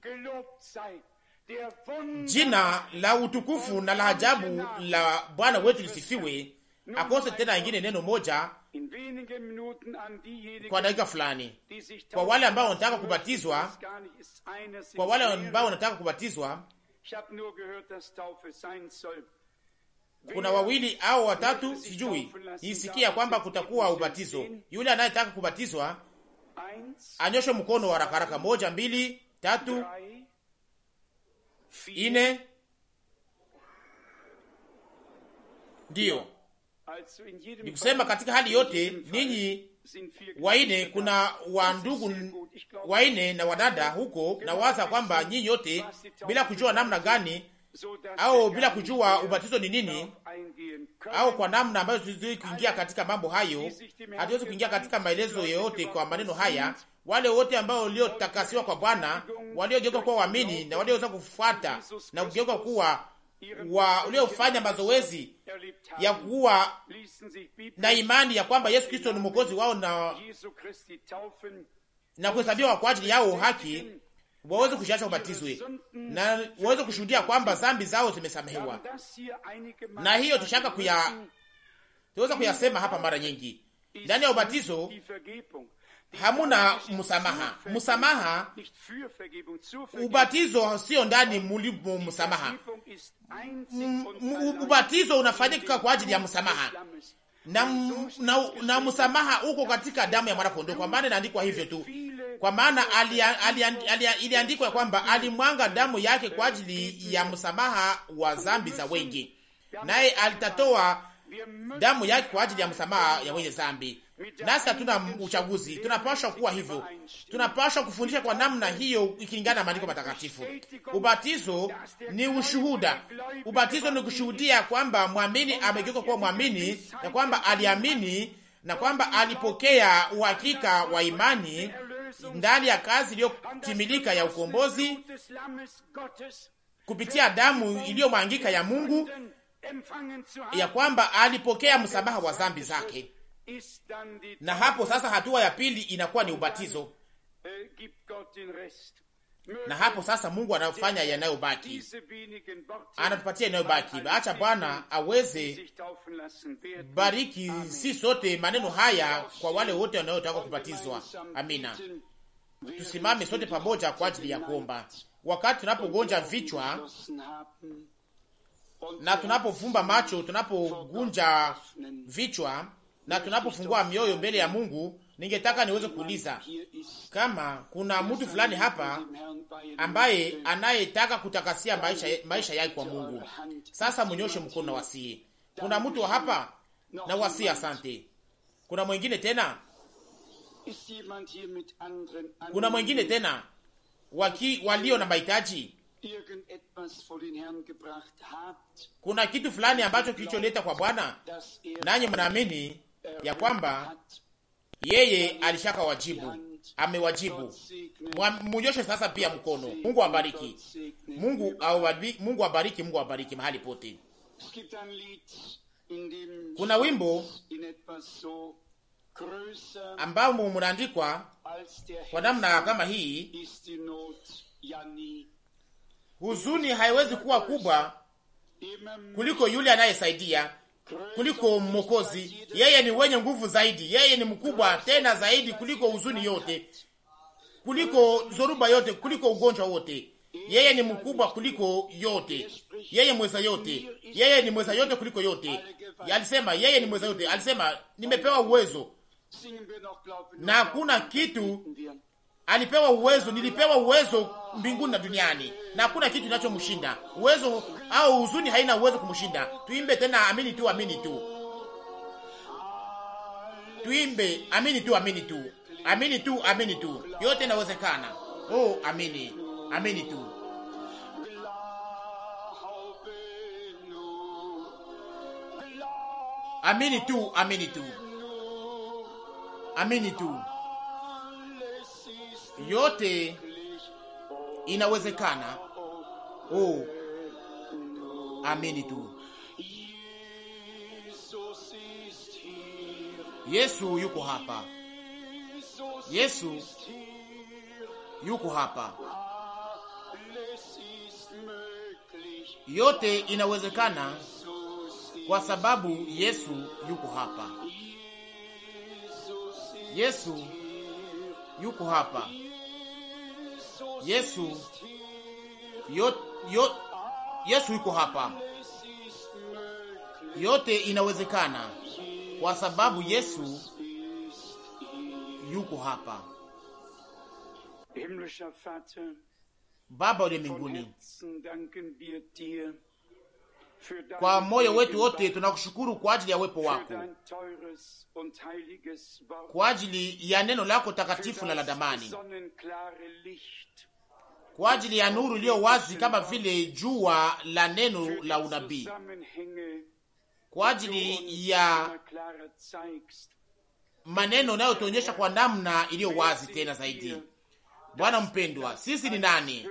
Jina la utukufu na la ajabu la Bwana wetu lisifiwe. Akose tena ingine neno moja kwa dakika fulani, kwa wale ambao wanataka kubatizwa, kwa wale ambao wanataka kubatizwa kuna wawili au watatu, sijui isikia kwamba kutakuwa ubatizo. Yule anayetaka kubatizwa anyoshe mkono haraka haraka, moja, mbili, tatu, ine. Ndiyo ni kusema katika hali yote, ninyi waine, kuna wandugu waine na wadada huko, na waza kwamba nyinyi yote bila kujua namna gani au bila kujua ubatizo ni nini, au kwa namna ambayo tuziwezi kuingia katika mambo hayo, hatuwezi kuingia katika maelezo yoyote kwa maneno haya. Wale wote ambao waliotakasiwa kwa Bwana, waliogeuka kuwa waamini na walioweza kufuata na kugeuka kuwa wa uliofanya mazoezi ya kuwa na imani ya kwamba Yesu Kristo ni mwokozi wao na na kuhesabiwa kwa ajili yao haki waweze kushiacha ubatizwe na waweze kushuhudia kwamba zambi zao zimesamehewa. Na hiyo tushaka kuya tuweza kuyasema hapa mara nyingi. Ndani ya ubatizo hamuna msamaha. Msamaha, ubatizo sio ndani mulimo msamaha. Ubatizo unafanyika kwa ajili ya msamaha na, na, na msamaha uko katika damu ya mwanakondoo, kwa maana inaandikwa hivyo tu, kwa maana iliandikwa ya kwamba alimwanga damu yake kwa ajili ya msamaha wa dhambi za wengi, naye alitatoa damu yake kwa ajili ya msamaha ya wenye zambi Nasi hatuna uchaguzi, tunapashwa kuwa hivyo, tunapashwa kufundisha kwa namna hiyo ikilingana na maandiko matakatifu. Ubatizo ni ushuhuda, ubatizo ni kushuhudia kwamba mwamini amegeuka kuwa mwamini na kwamba aliamini na kwamba alipokea uhakika wa imani ndani ya kazi iliyotimilika ya ukombozi kupitia damu iliyomwangika ya Mungu ya kwamba alipokea msamaha wa dhambi zake. Na hapo sasa, hatua ya pili inakuwa ni ubatizo, äh, na hapo sasa Mungu anafanya yanayobaki, anatupatia yanayobaki. Acha Bwana aweze bariki si sote maneno haya kwa wale wote wanaotaka kubatizwa. Amina. Tusimame sote pamoja kwa ajili ya kuomba. Wakati tunapogonja vichwa na tunapofumba macho, tunapogunja vichwa na tunapofungua mioyo mbele ya Mungu, ningetaka niweze kuuliza kama kuna mtu fulani hapa ambaye anayetaka kutakasia maisha, maisha yake kwa Mungu. Sasa mnyoshe mkono na wasii. Kuna mtu hapa na wasii, asante. Kuna mwingine tena, kuna mwingine tena waki, walio na mahitaji kuna kitu fulani ambacho kilicholeta kwa Bwana, er nanyi mnaamini ya kwamba yeye alishaka wajibu, amewajibu. Mnyoshe sasa pia mkono. Mungu abariki, Mungu awabariki, Mungu abariki, Mungu mahali pote. Kuna wimbo ambao munaandikwa kwa namna kama hii huzuni haiwezi kuwa kubwa kuliko yule anayesaidia, kuliko Mwokozi. Yeye ni wenye nguvu zaidi, yeye ni mkubwa tena zaidi kuliko huzuni yote, kuliko zoruba yote, kuliko ugonjwa wote. Yeye ni mkubwa kuliko yote, yeye mweza yote, yeye ni mweza yote kuliko yote. Alisema yeye ni mweza yote, alisema nimepewa uwezo na hakuna kitu alipewa uwezo, nilipewa uwezo mbinguni na duniani, na hakuna kitu kinachomshinda uwezo, au huzuni haina uwezo kumshinda. Tuimbe tena, amini tu, amini tu, tuimbe, amini tu, amini tu, amini tu, amini tu, yote inawezekana. Oh, amini, amini tu. Amini tu, amini tu, amini tu yote inawezekana. Oh, amini tu. Yesu yuko hapa, Yesu yuko hapa, yote inawezekana kwa sababu Yesu yuko hapa, Yesu yuko hapa. Yesu yot, yot, Yesu yuko hapa. Yote inawezekana kwa sababu Yesu yuko hapa. Baba uliye mbinguni, kwa moyo wetu wote tunakushukuru kwa ajili ya uwepo wako, kwa ajili ya neno lako takatifu na la damani, kwa ajili ya nuru iliyo wazi kama vile jua la neno la unabii, kwa ajili ya maneno unayotuonyesha kwa namna iliyo wazi tena zaidi. Bwana mpendwa, sisi ni nani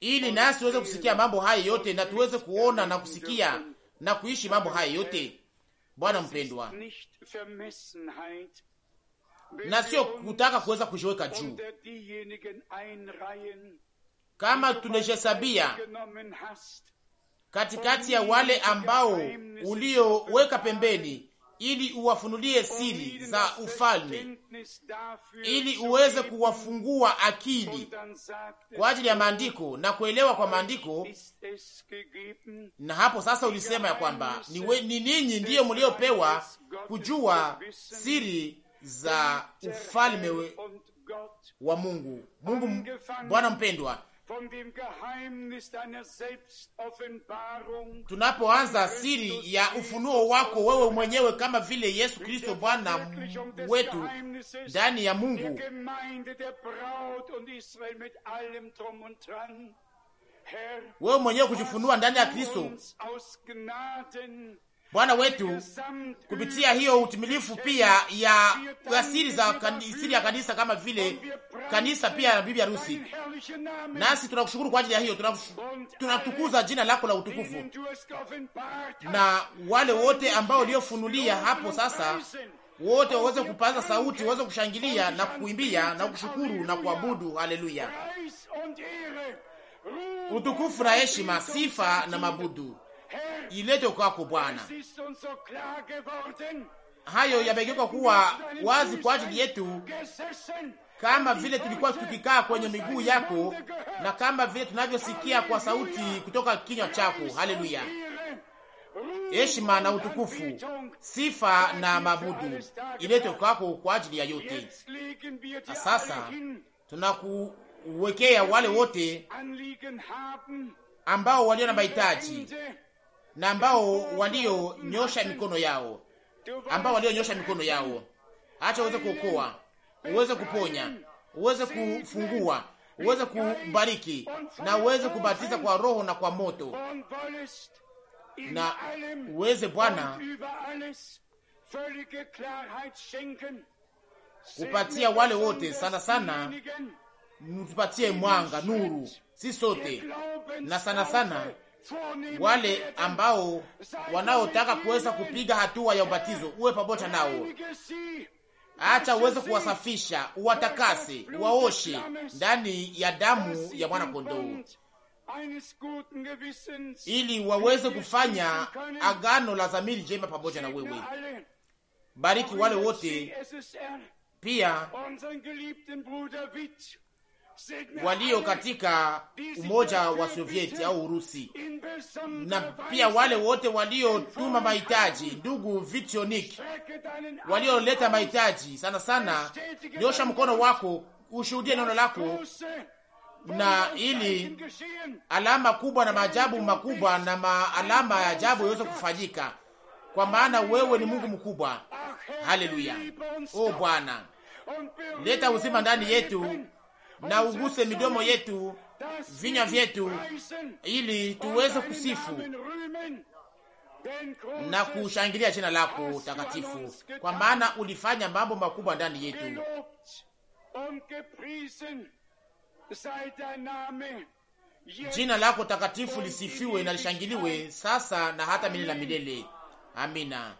ili nasi tuweze kusikia mambo haya yote na tuweze kuona na kusikia na kuishi mambo haya yote? Bwana mpendwa, na sio kutaka kuweza kujiweka juu. Kama tunajihesabia katikati ya wale ambao ulioweka pembeni ili uwafunulie siri za ufalme, ili uweze kuwafungua akili kwa ajili ya maandiko na kuelewa kwa maandiko. Na hapo sasa ulisema ya kwamba ni ninyi ndiyo mliopewa kujua siri za ufalme wa Mungu. Mungu Bwana mpendwa, tunapoanza siri ya ufunuo wako wewe mwenyewe kama vile Yesu Kristo Bwana wetu ndani ya Mungu wewe mwenyewe kujifunua ndani ya Kristo Bwana wetu kupitia hiyo utimilifu pia ya asiri za siri ya kanisa, kama vile kanisa pia ya bibi harusi. Nasi tunakushukuru kwa ajili ya hiyo, tunatukuza jina lako la utukufu, na wale wote ambao uliofunulia hapo sasa, wote waweze kupaza sauti, waweze kushangilia na kuimbia na kushukuru na kuabudu. Haleluya, utukufu na heshima, sifa na mabudu ilete kwako Bwana. Hayo yamegeuka kuwa wazi kwa ajili yetu, kama vile tulikuwa tukikaa kwenye miguu yako na kama vile tunavyosikia kwa sauti kutoka kinywa chako. Haleluya! Heshima na utukufu, sifa na mabudu ilete kwako kwa ajili ya yote. Na sasa tunakuwekea wale wote ambao walio na mahitaji na ambao walionyosha mikono yao, ambao walionyosha mikono yao. Acha uweze kuokoa, uweze kuponya, uweze kufungua, uweze kubariki na uweze kubatiza kwa Roho na kwa moto, na uweze Bwana kupatia wale wote, sana sana mtupatie mwanga, nuru, si sote na sana sana wale ambao wanaotaka kuweza kupiga hatua ya ubatizo, uwe pamoja nao. Acha uweze kuwasafisha, uwatakase, uwaoshe ndani ya damu ya mwana kondoo, ili waweze kufanya agano la dhamiri njema pamoja na wewe. Bariki wale wote pia walio katika umoja wa Sovieti au Urusi, na pia wale wote waliotuma mahitaji, ndugu Vitionik, walioleta mahitaji sana sana. Nyosha mkono wako ushuhudie neno lako, na ili alama kubwa na maajabu makubwa na maalama ya ajabu yaweze kufanyika, kwa maana wewe ni Mungu mkubwa. Haleluya! O Bwana, leta uzima ndani yetu na uguse midomo yetu, vinywa vyetu, ili tuweze kusifu na kushangilia jina lako takatifu, kwa maana ulifanya mambo makubwa ndani yetu. Jina lako takatifu lisifiwe na lishangiliwe sasa na hata milele na milele. Amina.